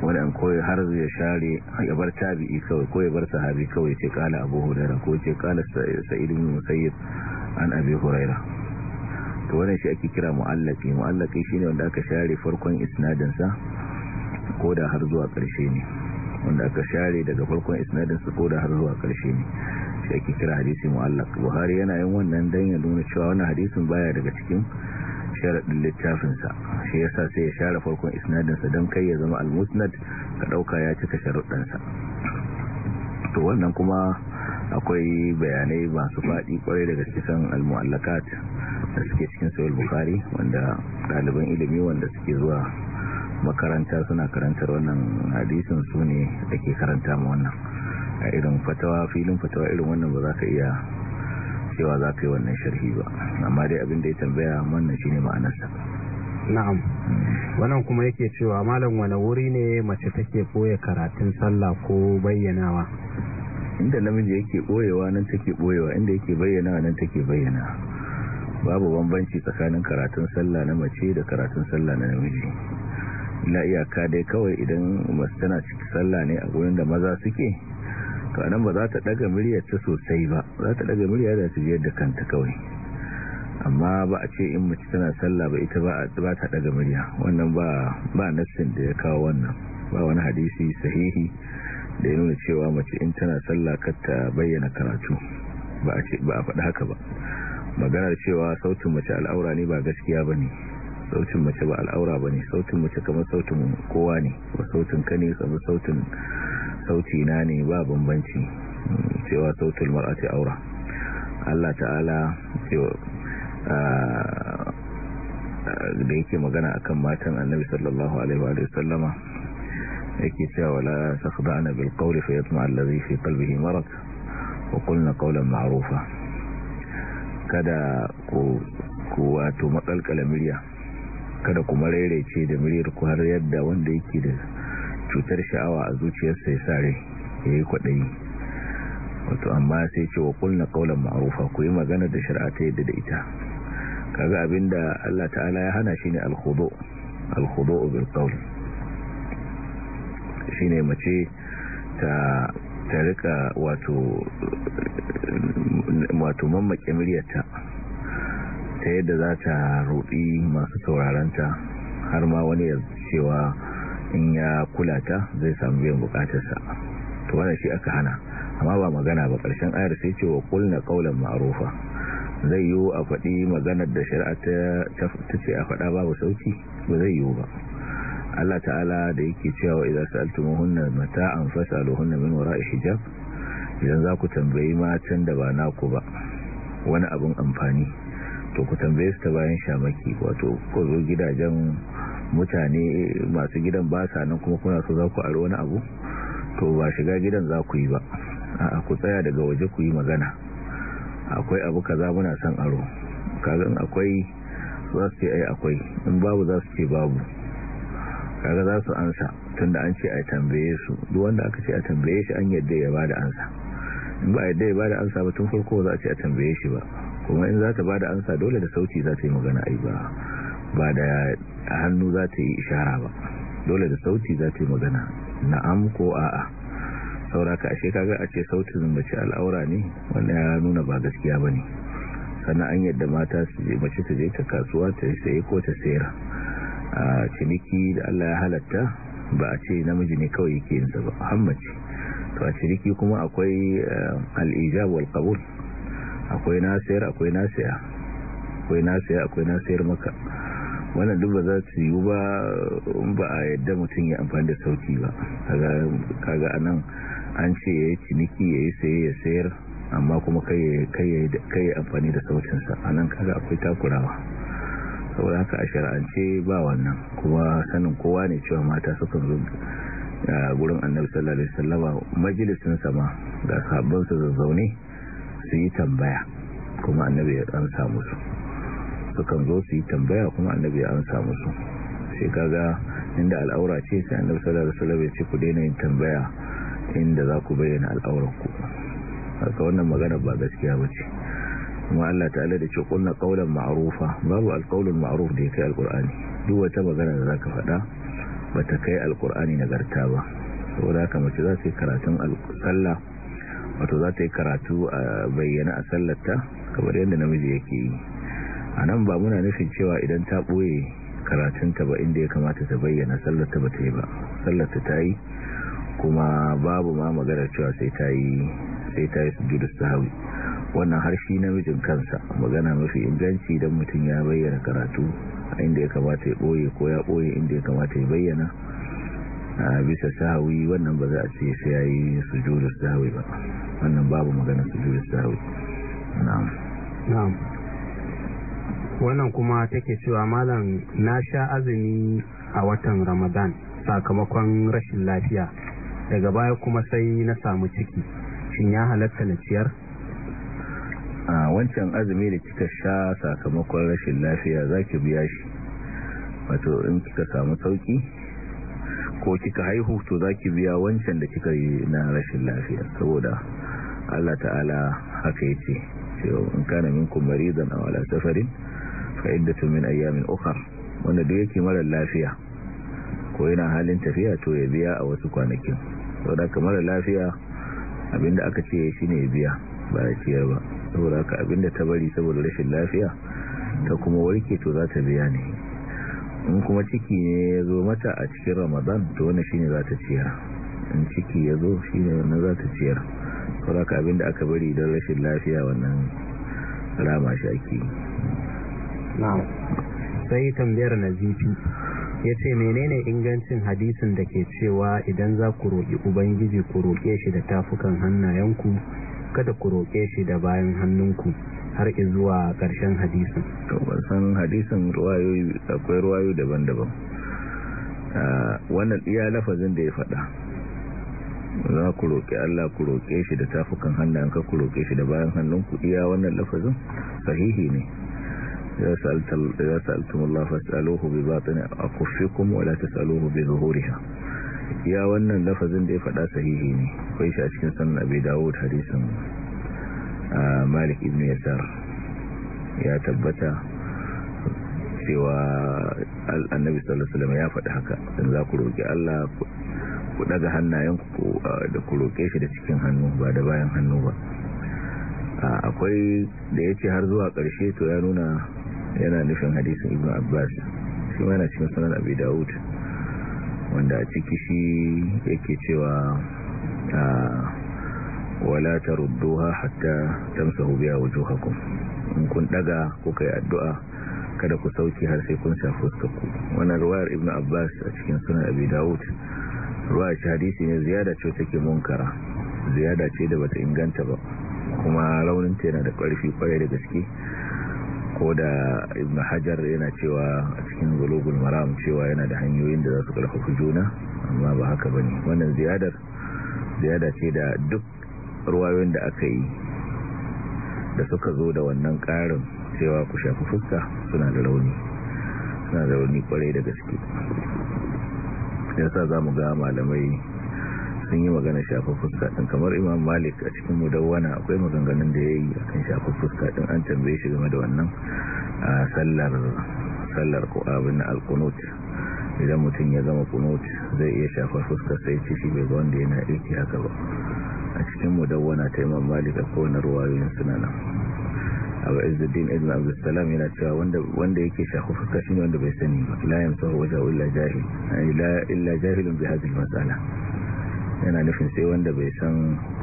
wadan koyi har zai share ya bar tabi'i kawai ko ya bar sahabi kawai ce kala abu hudara ko ce kala sa'id ibn musayyib an abi huraira to wannan shi ake kira mu'allaqi mu'allaqi shine wanda aka share farkon isnadinsa ko da har zuwa ƙarshe ne wanda aka share daga farkon isnadinsu ko da har zuwa ƙarshe ne shi ake kira hadisi mu'allaq buhari yana yin wannan dan ya nuna cewa wannan hadisin baya daga cikin sharaɗin littafinsa shi yasa sai ya share farkon isnadinsa don kai ya zama almusnad ka ɗauka ya cika sa to wannan kuma akwai bayanai masu faɗi kwarai daga cikin almu'allakat da suke cikin sayar bukhari wanda ɗaliban ilimi wanda suke zuwa makaranta suna karantar wannan hadisin su ne da ke karanta mu wannan a irin fatawa filin fatawa irin wannan ba za ka iya cewa za ka yi wannan sharhi ba amma dai abin ya tambaya wannan shi ne ma'anarsa na'am hmm. wannan kuma yake cewa malam wani wuri ne mace take boye karatun sallah ko bayyanawa inda namiji yake boyewa nan take boyewa inda yake bayyana nan take bayyana babu bambanci tsakanin karatun sallah na mace da karatun sallah na namiji la iyaka dai kawai idan masu tana ciki sallah ne a gurin da maza suke to anan ba za ta daga miliyar ta sosai ba za ta daga miliyar da su da kanta kawai amma ba a ce in mace tana sallah ba ita ba ta daga miliya wannan ba ba nassin da ya kawo wannan ba wani hadisi sahihi da ya nuna cewa mace in tana sallah kar ta bayyana karatu ba a faɗi haka ba maganar cewa sautin mace al'aura ne ba gaskiya ba ne sautin mace ba al'aura ba ne sautin mace kamar sautin kowa ne ba sautin ka ne kamar sautin sauti na ne ba bambanci cewa sautin mara ce aura Allah ta'ala cewa da yake magana akan matan annabi sallallahu alaihi wa sallama yake cewa wala sakhda'na bil qawli fa yatma allazi fi kalbihi marad wa qulna qawlan ma'rufa kada ku wato matsalkala miliyan kada kuma rairaice da miliyar ku har yadda wanda yake da cutar sha'awa a zuciyarsa ya sare ya yi kwaɗayi wato amma sai ce wa kulna kaulan ma'arufa ku yi magana da shari'a ta yadda da ita kaga abinda Allah ta'ala ya hana shi ne alhudo alhudo khudu shi shine mace ta ta rika wato wato mammake muryarta ta yadda za ta roɗi masu ta har ma wani ya cewa in ya kula ta zai samu biyan bukatarsa to wani shi aka hana amma ba magana ba ƙarshen ayar sai cewa kulna ƙaunar ma'arufa zai yiwu a faɗi maganar da shari'a ta ce a faɗa babu sauki ba zai yiwu ba Allah ta'ala da yake cewa idan mata an mata'an fas'aluhunna min wara'i hijab idan za ku tambayi matan da ba naku ba wani abin amfani to ku tambaye su ta bayan shamaki wato ko zo gidajen mutane masu gidan ba sa nan kuma kuna so za ku aro wani abu to ba shiga gidan za ku yi ba a ku tsaya daga waje ku yi magana akwai abu kaza muna son aro kazan akwai za su ce ai akwai in babu za su ce babu kaga za su ansa tunda an ce a tambaye su duk wanda aka ce a tambaye shi an yadda ya bada ansa in ba yadda ya bada ansa ba tun farko za a ce a tambaye shi ba kuma in za ta ba da ansa dole da sauti za ta yi magana ai ba ba da hannu za ta yi ishara ba dole da sauti za ta yi magana na'am ko a'a sauraka ashe kaga a ce sautin mace al'aura ne wanda ya nuna ba gaskiya ba ne sannan an yadda mata su je mace ta je ta kasuwa ta saye ko ta sayar a ciniki da Allah ya halatta ba a ce namiji ne kawai yake yin sa ba to a ciniki kuma akwai eh, al wal qabul akwai na sayar akwai na akwai na akwai na maka wannan duk ba za su yi ba ba a yadda mutum ya amfani da sauki ba kaga anan an ce ya yi ciniki ya yi saye ya sayar amma kuma kai ya amfani da a anan kaga akwai takurawa saboda haka a shara'ance ba wannan kuma sanin kowa ne cewa mata sukan zo a gurin annabi sallallahu alaihi wasallama majalisin sama ga sabbin su zazzaune su yi tambaya kuma annabi ya ansa musu sukan zo su yi tambaya kuma annabi ya ansa musu sai kaga inda al'aura ce sai annabi sallallahu alaihi wasallam ya ce ku daina yin tambaya inda za ku bayyana al'auran ku haka wannan magana ba gaskiya ba ce kuma Allah ta'ala da ce kunna qawlan ma'rufa babu alqawlul maaruf da ya kai al'kur'ani duk wata magana da zaka faɗa bata kai alqur'ani nagarta ba saboda haka mace za ta yi karatun sallah wato za ta yi karatu a bayyana a sallata kamar yadda namiji yake yi a nan ba muna nufin cewa idan ta ɓoye karatunta ba inda ya kamata ta bayyana sallarta ba ta yi ba sallata ta yi kuma babu ma magana cewa sai ta yi sai ta yi sujudu sahawi wannan harshe namijin kansa magana mafi inganci don mutum ya bayyana karatu a inda ya kamata ya ɓoye ko ya ɓoye inda ya kamata ya bayyana bisa sahawi wannan ba za a ce sai ya yi sujudu sahawi ba wannan babu magana sujudu sahawi na'am na'am wannan kuma take cewa malam na sha azumi a watan ramadan sakamakon rashin lafiya daga baya kuma sai na samu ciki shin ya halatta na ciyar a wancan azumi da kika sha sakamakon rashin lafiya za ki biya shi wato in kika samu sauki ko kika haihu to za ki biya wancan da kika yi na rashin lafiya saboda Allah ta'ala haka ya ce in kana minkum maridan aw ala safarin fa iddatu min ayyamin ukhra wanda duk yake mara lafiya ko yana halin tafiya to ya biya a wasu kwanakin saboda mara lafiya abinda aka ce shine ya biya ba ya ciyar ba saboda ka abinda ta bari saboda rashin lafiya ta kuma warke to za ta biya ne in kuma ciki ne ya zo mata a cikin ramadan to wani shine za ta ciyar in ciki ya zo shine wani za ta ciyar ka abinda aka bari don rashin lafiya wannan rama shi ake sai tambayar na ya ce menene ingancin hadisin da ke cewa idan za ku roƙi ubangiji ku roƙe shi da tafukan hannayenku kada ku roƙe shi da bayan hannunku har zuwa ƙarshen hadisun to san hadisun ruwayoyi akwai ruwayo daban-daban ah, wannan iya lafazin da ya faɗa za ku roƙe Allah ku roƙe shi da tafukan ka ku roƙe shi da bayan hannunku iya wannan lafazin sahihi ne ya Allah fas'aluhu bi batini akuffikum wa la tas'aluhu bi zuhuriha iya wannan lafazin da ya faɗa sahihi ne kai shi a cikin sunan Abi Dawud hadisin malik ibn yasar ya tabbata cewa annabi sallallahu alaihi ya faɗi haka dan za ku roki Allah ku daga hannayenku da ku roƙe shi da cikin hannu ba da bayan hannu ba akwai da yace har zuwa ƙarshe to ya nuna yana nufin hadisin ibn abbas shi ma yana cikin sunan abi daud wanda a ciki shi yake cewa wala tarudduha hatta a biha wujuhakum in kun daga ko kai addu'a kada ku sauki har sai kun shafi fuskarku wannan ruwayar ibn abbas a cikin sunan abi daud ruwayar hadisi ne ziyada ce take munkara ziyada ce da bata inganta ba kuma raunin ta yana da ƙarfi ƙwarai da gaske ko da ibn hajar yana cewa a cikin bulugul maram cewa yana da hanyoyin da za su ƙarfafa juna amma ba haka bane wannan ziyadar ziyada ce da duk ruwayoyin da aka yi da suka zo da wannan ƙarin cewa ku shafi fuska suna da rauni suna da rauni kwarai da gaske ya sa za mu ga malamai sun yi magana shafi fuska ɗin kamar imam malik a cikin mudawwana akwai maganganun da ya yi a kan shafi fuska ɗin an tambaye shi game da wannan a sallar abin alkunut idan mutum ya zama kunut zai iya shafar fuska sai ce shi bai ga wanda yana aiki haka ba a cikin mudawana ta imam malik da kowane ruwayoyin suna nan abu izzuddin ibn salam yana cewa wanda yake shafi fuska shine wanda bai sani ba la yamsahu wajhu illa jahil eh, illa jahilun bi hadhihi matsala. yana nufin sai wanda bai san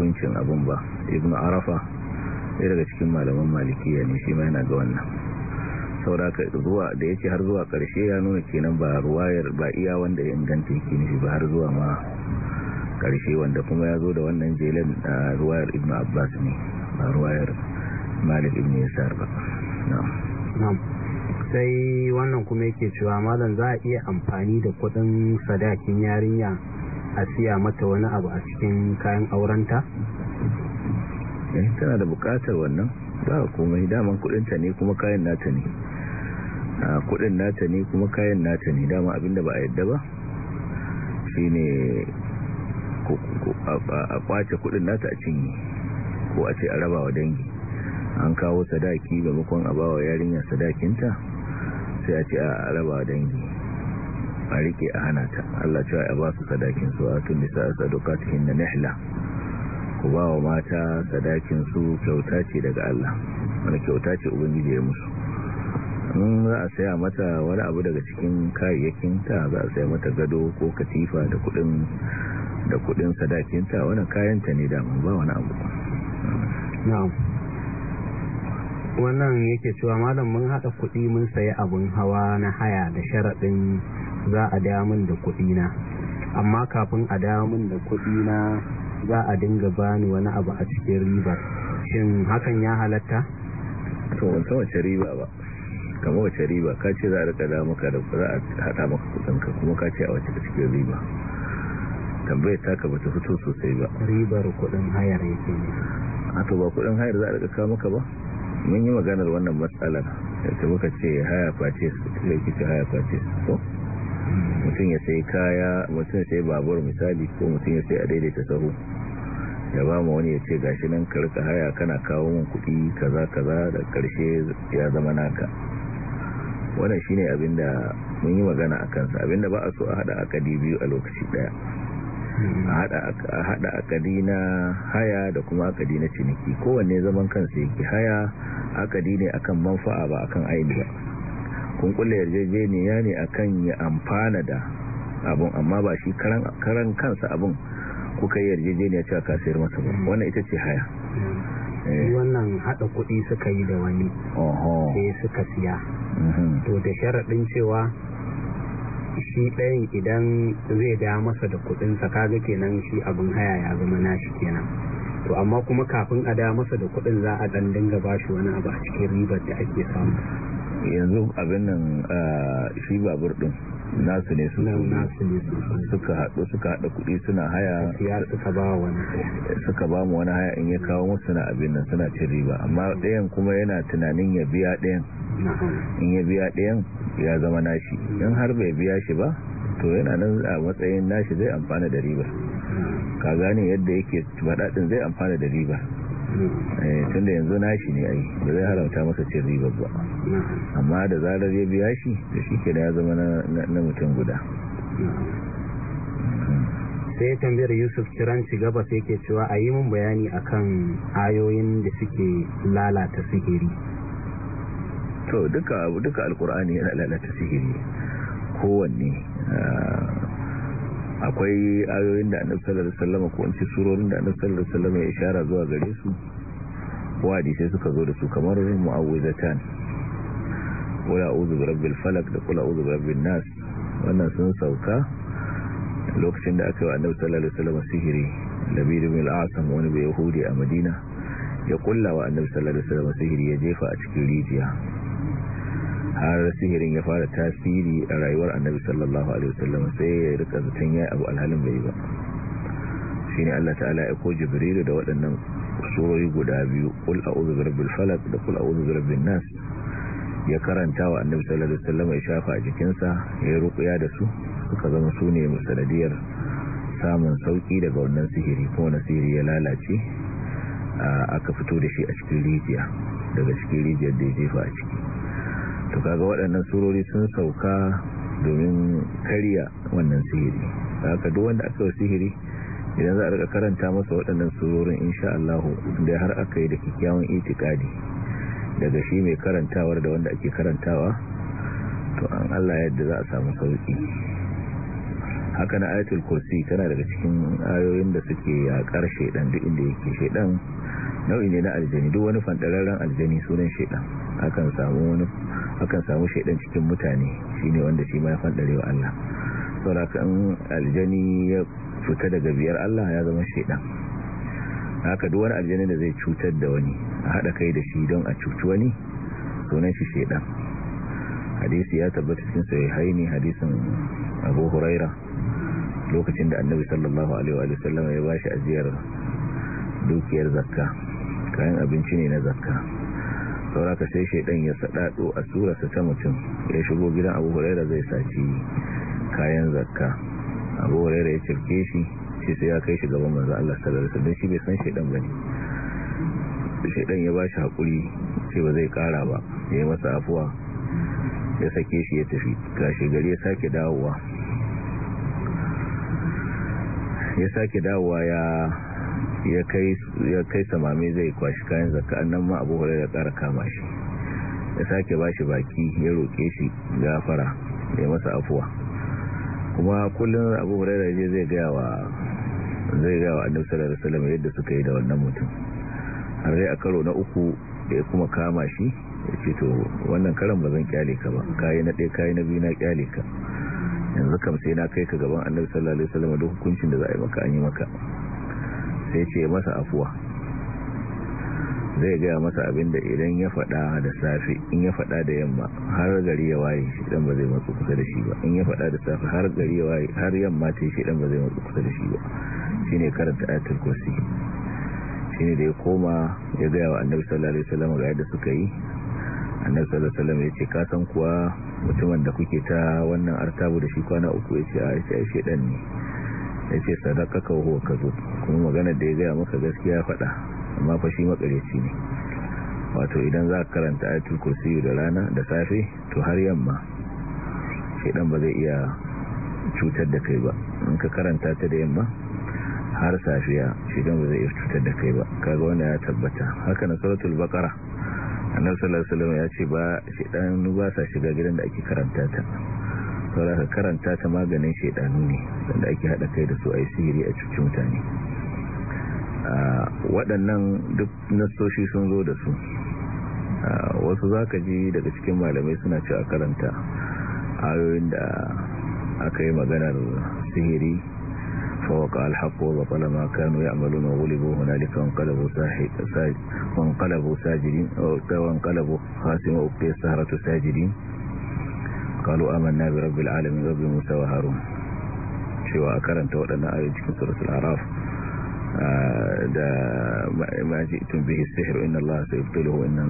kuncin abun ba ibn arafa ya daga cikin malaman malikiya ne shi ma yana ga wannan sauraka zuwa da yake har zuwa karshe ya nuna kenan ba ruwayar ba iya wanda ya inganta yake nufi ba har zuwa ma karshe wanda kuma ya zo da wannan jelen a ruwayar ibn abbas ne a ruwayar malik ibn yasar ba sai wannan kuma yake cewa malam za a iya amfani da kudin sadakin yarinya a siya mata wani abu a cikin kayan aurenta? Eh, tana da bukatar wannan ba kuma daman kudinta ne kuma kayan nata ne kudin nata ne kuma kayan nata ne dama abinda ba a yadda ba shine a kwace kudin nata a cinye ko a ce a raba wa dangi an kawo sadaki ga makon a bawa yarinya sadakinta sai a ce a raba wa dangi a rike a hana ta Allah cewa a ba su sadakin su a tun nisa sadaqatihin na nihla ku ba wa mata sadakin su kyauta ce daga Allah wani kyauta ce ubangiji ya musu in za a saya mata wani abu daga cikin kayayyakinta, za a saya mata gado ko katifa da kudin da kudin sadakinta wani kayanta ne da ba wani abu na'am wannan yake cewa malam mun haɗa kuɗi mun sayi abin hawa na haya da sharaɗin za a damun da kuɗina amma kafin a damun da kuɗina za a dinga bani wani abu a cikin riba shin hakan ya halatta? to wata wace riba ba kama wace riba ka ce za a rika damuka da za a haɗa maka kuɗinka kuma ka ce a wace cikin riba tambayar taka bata fito sosai ba ribar kudin hayar yake ne a to ba kudin hayar za a daga kawo maka ba mun yi maganar wannan matsalar da muka ce haya face su laifice haya face su so mutum ya sai kaya mutum ya sai babur misali ko mutum ya sai a daidaita sahu ya ba ma wani ya ce gashi nan karka haya kana kawo min kuɗi kaza kaza da karshe ya zama naka wannan shine abinda mun yi magana a kansa abinda ba a so a hada akadi biyu a lokaci daya a hada akadi na haya da kuma akadi na ciniki kowanne zaman kansa yake haya akadi ne akan manfa'a ba akan aini ba kun yarjejeniya ne akan ya amfana da abun amma ba shi karan kansa abun kuka yarjejeniya cewa ka sayar masa ba wannan ita ce haya eh. wannan hada kuɗi suka yi da wani sai eh, suka siya mhm. to da sharaɗin cewa shi ɗayan idan zai da masa da kudinsa kaga kenan shi abin haya ya zama shi kenan to amma kuma kafin a da masa da kuɗin za a ɗan dinga bashi wani abu a cikin ribar da ake samu yanzu abin nan shi babur din nasu ne su suka haɗu suka haɗa kuɗi suna haya suka ba mu wani haya in ya kawo musu na abin nan suna ci riba amma ɗayan kuma yana tunanin ya biya ɗayan in ya biya ɗayan ya zama nashi in har bai biya shi ba to yana nan a matsayin nashi zai amfana da riba ka gane yadda yake faɗaɗin zai amfana da riba. Eh, tunda yanzu nashi ne ai ba zai halarta masa cin ribar ba amma da zarar ya biya shi da shi ke da ya zama na mutum guda sai tambayar yusuf kiranci sai ke cewa a yi mun bayani akan ayoyin da suke lalata sihiri to duka duka alkur'ani yana lalata sihiri kowanne ah, akwai ayoyin da annabi sallallahu alaihi wasallam ko wance surorin da annabi sallallahu alaihi wasallam ya ishara zuwa gare su ko hadisi suka zo da su kamar mu'awwizatan qul a'udhu bi rabbil falaq da qul a'udhu bi rabbin nas wannan sun sauka lokacin da aka yi annabi sallallahu alaihi wasallam sihiri labid bin al-asam wani bai yahudi a madina ya kulla annabi sallallahu alaihi wasallam sihiri ya jefa a cikin rijiya har sihirin ya fara tasiri a rayuwar annabi sallallahu alaihi wasallam sai ya rika zaton yayi abu alhalin bai ba shine Allah ta'ala ya ko jibrilu da waɗannan surori guda biyu qul a'udhu birabbil falaq da qul a'udhu birabbin nas ya karanta wa annabi sallallahu alaihi wasallam ya shafa a jikinsa ya ruƙuya da su suka zama sune sanadiyar samun sauki daga wannan sihiri ko na sihiri ya lalace aka fito da shi a cikin rijiya daga cikin rijiyar da ya jefa a ciki to kaga waɗannan surori sun sauka domin kariya wannan sihiri haka duk wanda aka yi sihiri idan za a rika karanta masa waɗannan surorin insha Allah da har aka yi da kikkiawan itikadi daga shi mai karantawar da wanda ake karantawa to an Allah yadda za a samu sauki haka na ayatul kursi tana daga cikin ayoyin da suke a ƙarshe dan duk inda yake shedan nau'i ne na aljani duk wani fandararren aljani sunan shedan akan samu wani akan samu shaidan cikin mutane shine wanda shi ma ya fandarewa Allah saboda in aljani ya fita daga biyar Allah ya zama shaidan haka duk wani aljani da zai cutar da wani a hada kai da shi don a cuci wani sunan shi shaidan hadisi ya tabbata cikin sahihaini hadisin Abu Huraira lokacin da Annabi sallallahu alaihi wa sallam ya bashi ajiyar dukiyar zakka kayan abinci ne na zakka ka sai shaidan ya sadado a surarsa ta mutum ya shigo gidan abu huraira zai saci kayan zakka abu huraira ya cirke shi shi sai ya kai shi gaban manzo Allah sallallahu alaihi wasallam shi bai san shaidan bane shaidan ya bashi hakuri ce ba zai kara ba ya masa afuwa ya sake shi ya tafi gashi gari ya sake dawowa ya sake dawowa ya ya kai samame zai kwashi kayan zaka annan ma abu da kara kama shi ya sake bashi baki ya roƙe shi gafara ya masa afuwa kuma kullum abu hulai da zai gaya wa zai gawa annan salar salam yadda suka yi da wannan mutum har zai a karo na uku da ya kuma kama shi ya ce to wannan karan ba zan kyale ka ba kayi na ɗaya kayi na biyu na kyale ka yanzu kam sai na kai ka gaban annabi sallallahu alaihi wasallam da hukuncin da za a yi maka an yi maka sai ce masa afuwa zai gaya masa abinda idan ya fada da safe in ya fada da yamma har gari ya waye shi dan ba zai matsu kusa da shi ba in ya fada da safe har gari ya waye har yamma ce shi dan ba zai matsu kusa da shi ba shine karanta ayatul kursi shine da ya koma ya gaya wa annabi sallallahu alaihi wasallam ga yadda suka yi annabi sallallahu alaihi wasallam ce ka san kuwa mutumin da kuke ta wannan artabu da shi kwana uku ya ce a shi shedan ne ya ce sadaka ka huwa ka zo kuma magana da ya gaya maka gaskiya faɗa amma fa shi makareci ne wato idan za ka karanta ayatul kursiyu da rana da safe to har yamma shaidan ba zai iya cutar da kai ba in ka karanta ta da yamma har safiya shaidan ba zai iya cutar da kai ba kaga wanda ya tabbata haka na suratul bakara annabi sallallahu alaihi wasallam ya ce ba shaidan ba sa shiga gidan da ake karanta ta ka karanta ta maganin shaidanu ne wanda ake hada kai da su a yi sihiri a cikin mutane waɗannan duk nasoshi sun zo da su wasu za ka ji daga cikin malamai suna a karanta ayoyin da aka yi maganar sihiri فوقع الحق وبطل ما كانوا يعملون وغلبوا هنالك وانقلبوا ساجدين وانقلبوا خاسم وابقي السهرة ساجدين qalu amanna bi rabbil alamin wa musa wa harun cewa a karanta waɗannan ayoyi cikin suratul araf da ma ji'tum bihi sihru inna allaha sayubtiluhu inna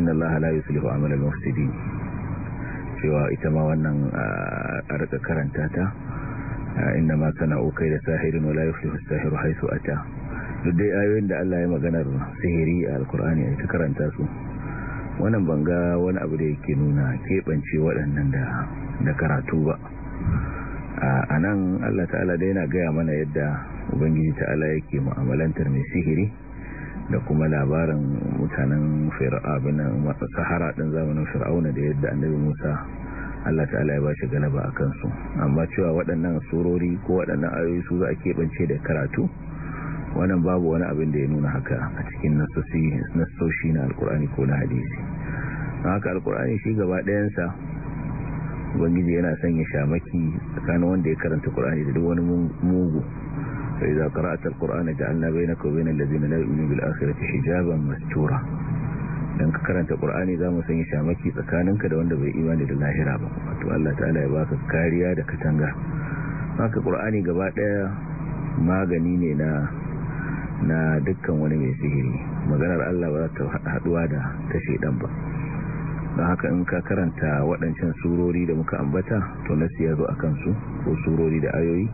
inna allaha la yuslihu amal al mufsidin cewa ita ma wannan a rika karanta ta inna ma sana'u da sahirin wa la yuflihu as haythu ata duk dai ayoyin da Allah ya maganar sihiri a alqur'ani ita karanta su wannan banga wani abu da yake nuna keɓance waɗannan da karatu ba a nan allah ta'ala da yana gaya mana yadda ubangiji ta'ala yake mu'amalantar mai sihiri da kuma labarin mutanen fir'abinan sahara ɗin zamanin fir'auna da yadda annabi musa allah ta'ala ya ba shi galaba a kansu amma cewa waɗannan surori ko waɗannan ayoyi su za a keɓance da karatu wannan babu wani abin da ya nuna haka a cikin nasoshi na alkur'ani ko na hadisi na haka alkur'ani shi gaba ɗayansa ubangiji yana sanya shamaki tsakanin wanda ya karanta kur'ani da duk wani mugu sai za ka ra'atar kur'ani da allah bai na kawai na lalazi na lalazi bil akhirati hijaban mastura don ka karanta kur'ani za mu sanya shamaki tsakaninka da wanda bai imani da lahira ba wato allah ta'ala ya baka kariya da katanga haka kur'ani gaba ɗaya magani ne na na dukkan wani mai sihiri maganar Allah ba ta haduwa da ta shedan ba don haka in ka karanta waɗancan surori da muka ambata to na siya zo a kansu ko surori da ayoyi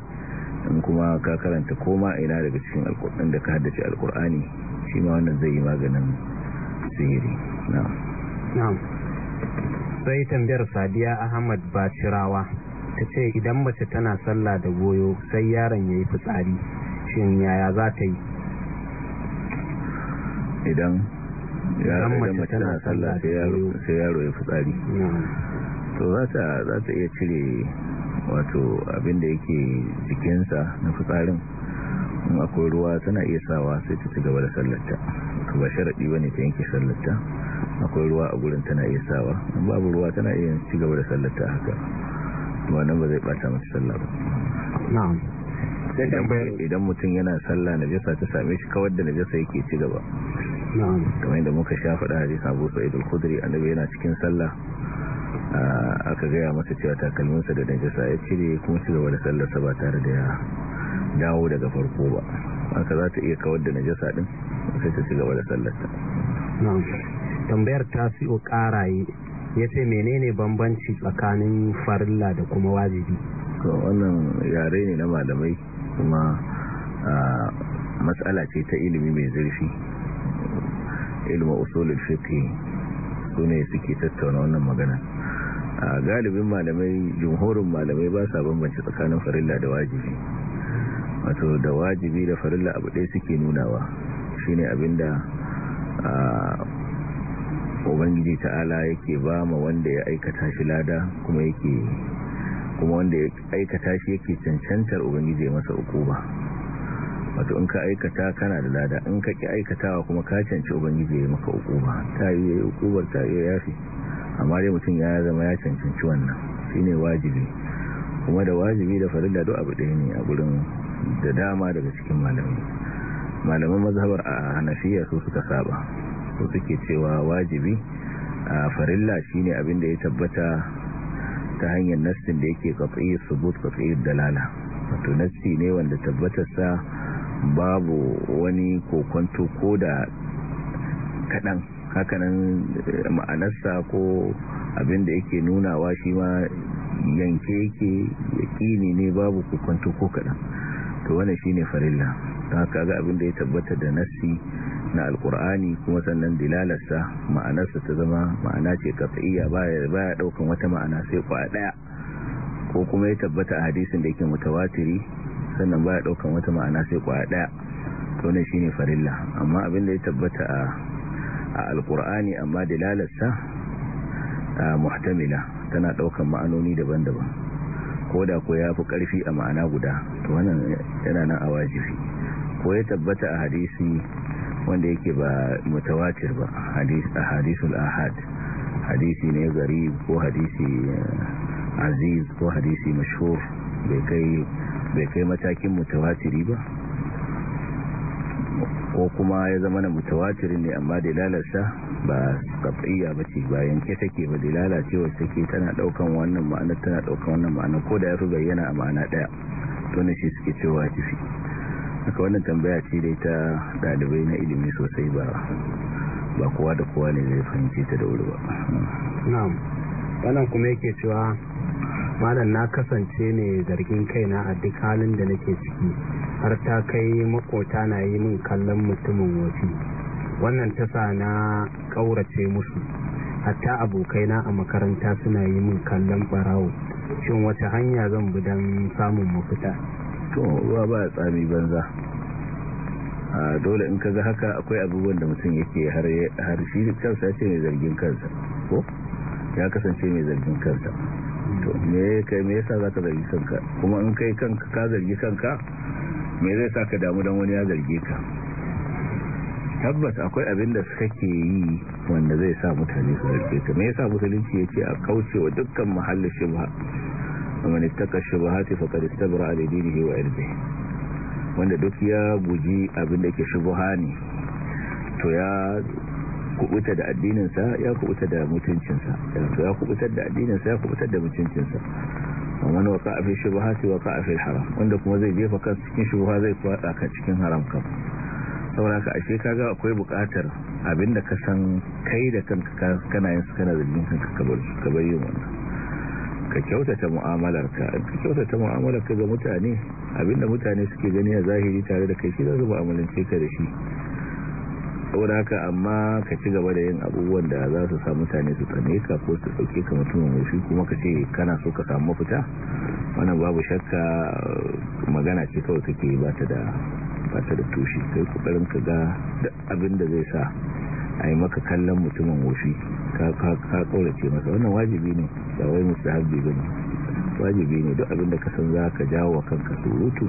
in kuma ka karanta koma ina daga cikin inda da ka haddace alkur'ani shi ma wannan zai yi maganin sihiri na'am sai tambayar sadiya ahmad bacirawa ta ce idan mace tana sallah da goyo sai yaron ya yi fitsari shin yaya za ta yi idan mace na sallah sai yaro ya fitsari to za ta iya cire wato abin da yake jikinsa na fitsarin in akwai ruwa tana iya sawa sai ta ci da sallarta to ba sharaɗi ba ne ta yanke sallarta akwai ruwa a gurin tana iya sawa in babu ruwa tana iya ci gaba da sallarta haka wannan ba zai ɓata mace sallar. ba idan mutum yana sallah na najasa ta same shi kawar da na najasa yake ci gaba kamar yadda muka sha faɗa jisa Abu Sa'id al-Khudri annabi yana cikin sallah aka gaya masa cewa takalminsa da najasa ya cire kuma ci gaba da sallarsa ba tare da ya dawo daga farko ba ka za ta iya kawar da najasa din sai ta ci gaba da sallarta tambayar ta o karaye ya ce menene bambanci tsakanin farilla da kuma wajibi wannan yare ne na malamai kuma matsala ce ta ilimi mai zurfi ilimin usulul fiqh sune suke tattauna wannan magana galibin malamai jumhurin malamai ba sa bambance tsakanin farilla da wajibi wato da wajibi da farilla abu ɗaya suke nunawa shine abinda ubangiji ta'ala yake ba ma wanda ya aikata shi lada kuma yake kuma wanda ya aikata shi yake cancantar ubangiji ya masa ukuba wato in ka aikata kana da lada in ka ki aikatawa kuma ka canci ubangiji ya maka ba ta yi ya yi ukubar ta iya yafi amma dai mutum ya zama ya cancanci wannan shine wajibi kuma da wajibi da farin da abu ɗaya ne a gurin da dama daga cikin malami malaman mazhabar a hanafiya su suka saba su suke cewa wajibi a farilla shine abin da ya tabbata ta hanyar nassin da yake katsayi subut katsayi dalala wato nassi ne wanda tabbatarsa babu wani kokonto ko da kaɗan hakanan eh, ma'anarsa ko abin abinda yake nunawa shi ma yanke yake yaƙini ne babu kokonto ko kaɗan to wane shi ne farilla ta haka abin da ya tabbatar da nassi na alkur'ani kuma sannan dilalarsa ma'anarsa ta zama ma'ana ce kafa'iyya ba ya daukan wata ma'ana sai kwa daya ko kuma ya tabbata a hadisin da yake mutawatiri sannan ba ya daukan wata ma'ana sai kwa daya to ne shine farilla amma abin da ya tabbata a a alkur'ani amma dilalarsa a muhtamila tana daukan ma'anoni daban-daban ko da ko ya fi karfi a ma'ana guda to wannan yana nan a wajibi ko ya tabbata a hadisi wanda yake ba mutawatir ba a hadisul ahad hadisi ne gari ko hadisi eh, aziz ko hadisi mashhur bai kai matakin mutawatiri ba ko kuma ya zama na mutawatirin ne amma dalalarsa ba kafiya ba ce ba yanke take ba da ce wacce take tana daukan wannan ma'ana tana daukan wannan ma'ana ko da ya fi bayyana a ma'ana daya tunashi suke cewa tafi haka wannan tambaya ce dai ta dalibai na ilimi sosai ba ba kowa da kowa ne zai fahimce ta da wuri ba na'am wannan kuma yake cewa malam na kasance ne zargin kaina a duk halin da nake ciki har ta kai makota na yi min kallon mutumin wafi wannan ta sa na kaurace musu hatta abokaina a makaranta suna yi min kallon barawo shin wata hanya zan bi don samun mafita to ruwa ba tsami banza a dole in ka za haka akwai abubuwan da mutum yake har shi kansa ce mai zargin kansa ko ya kasance mai zargin kansa to me kai sa yasa ka zargi kanka kuma in kai kanka ka zargi kanka me zai sa ka damu don wani ya zarge ka tabbas akwai abin da kake yi wanda zai sa mutane su zarge ka me yasa ya ce a kaucewa dukkan mahallin ba. ومن اتقى الشبهات فقد استبرأ لدينه وعرضه wanda duk ya guji abin da ke shubuha ne to ya kubuta da addininsa ya kubuta da mutuncinsa to ya kubuta da addininsa ya kubuta da mutuncinsa wani waka a fi shubuha waka a haram wanda kuma zai jefa kan cikin shubuha zai kwada ka cikin haram kan saboda haka ashe kaga akwai bukatar abin da ka san kai da kanka kana yin su kana zargin kanka ka bari yin wannan ka kyautata mu'amalarka ka kyautata mu'amalarka ga mutane abinda mutane suke gani a zahiri tare da kai shi za su mu'amalance ka da shi saboda haka amma ka ci gaba da yin abubuwan da za su sa mutane su tsane ka ko su sauke ka mutumin wurfi kuma ka ce kana so ka samu mafita wannan babu shakka uh, magana ce kawai take ba ta da tushe kai kokarin ka ga abin da zai sa a yi maka kallon mutumin wofi ka kaurace masa wannan wajibi ne da wai da ba gani wajibi ne duk abinda ka san za ka jawo kanka surutu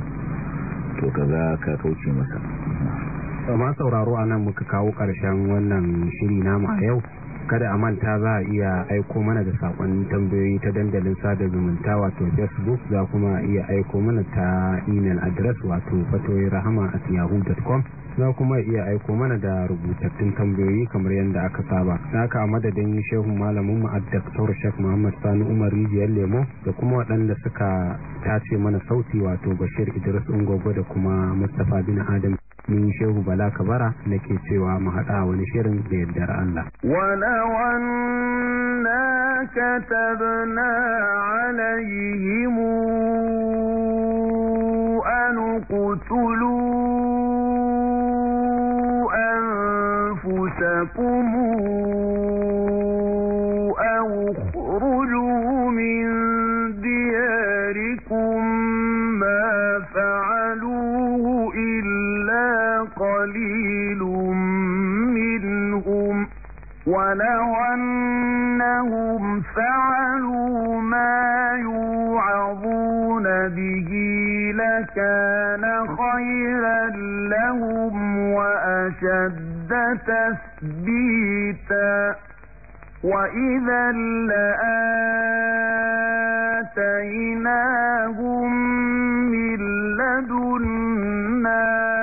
to ka za ka kauce masa ma sauraro a nan muka kawo ƙarshen wannan shiri namu a yau kada a manta za a iya aiko mana da saƙon tambayoyi ta dandalin sada zumunta wato facebook za kuma iya aiko mana ta email address wato fatoyi rahama at yahoo.com za kuma iya aiko mana da rubutattun tambayoyi kamar yadda aka saba da aka a madadin shehu malamin mu addaktar shek muhammad sani umar rijiyar lemo da kuma waɗanda suka tace mana sauti wato bashir idris ungogo da kuma mustapha bin adam ni shehu bala kabara nake cewa mu haɗa wani shirin da yardar allah كتبنا عليهم أن قتلوا فَعَلُوا مَا يُوعَظُونَ بِهِ لَكَانَ خَيْرًا لَّهُمْ وَأَشَدَّ تَثْبِيتًا وَإِذًا لَّآتَيْنَاهُم مِّن لَّدُنَّا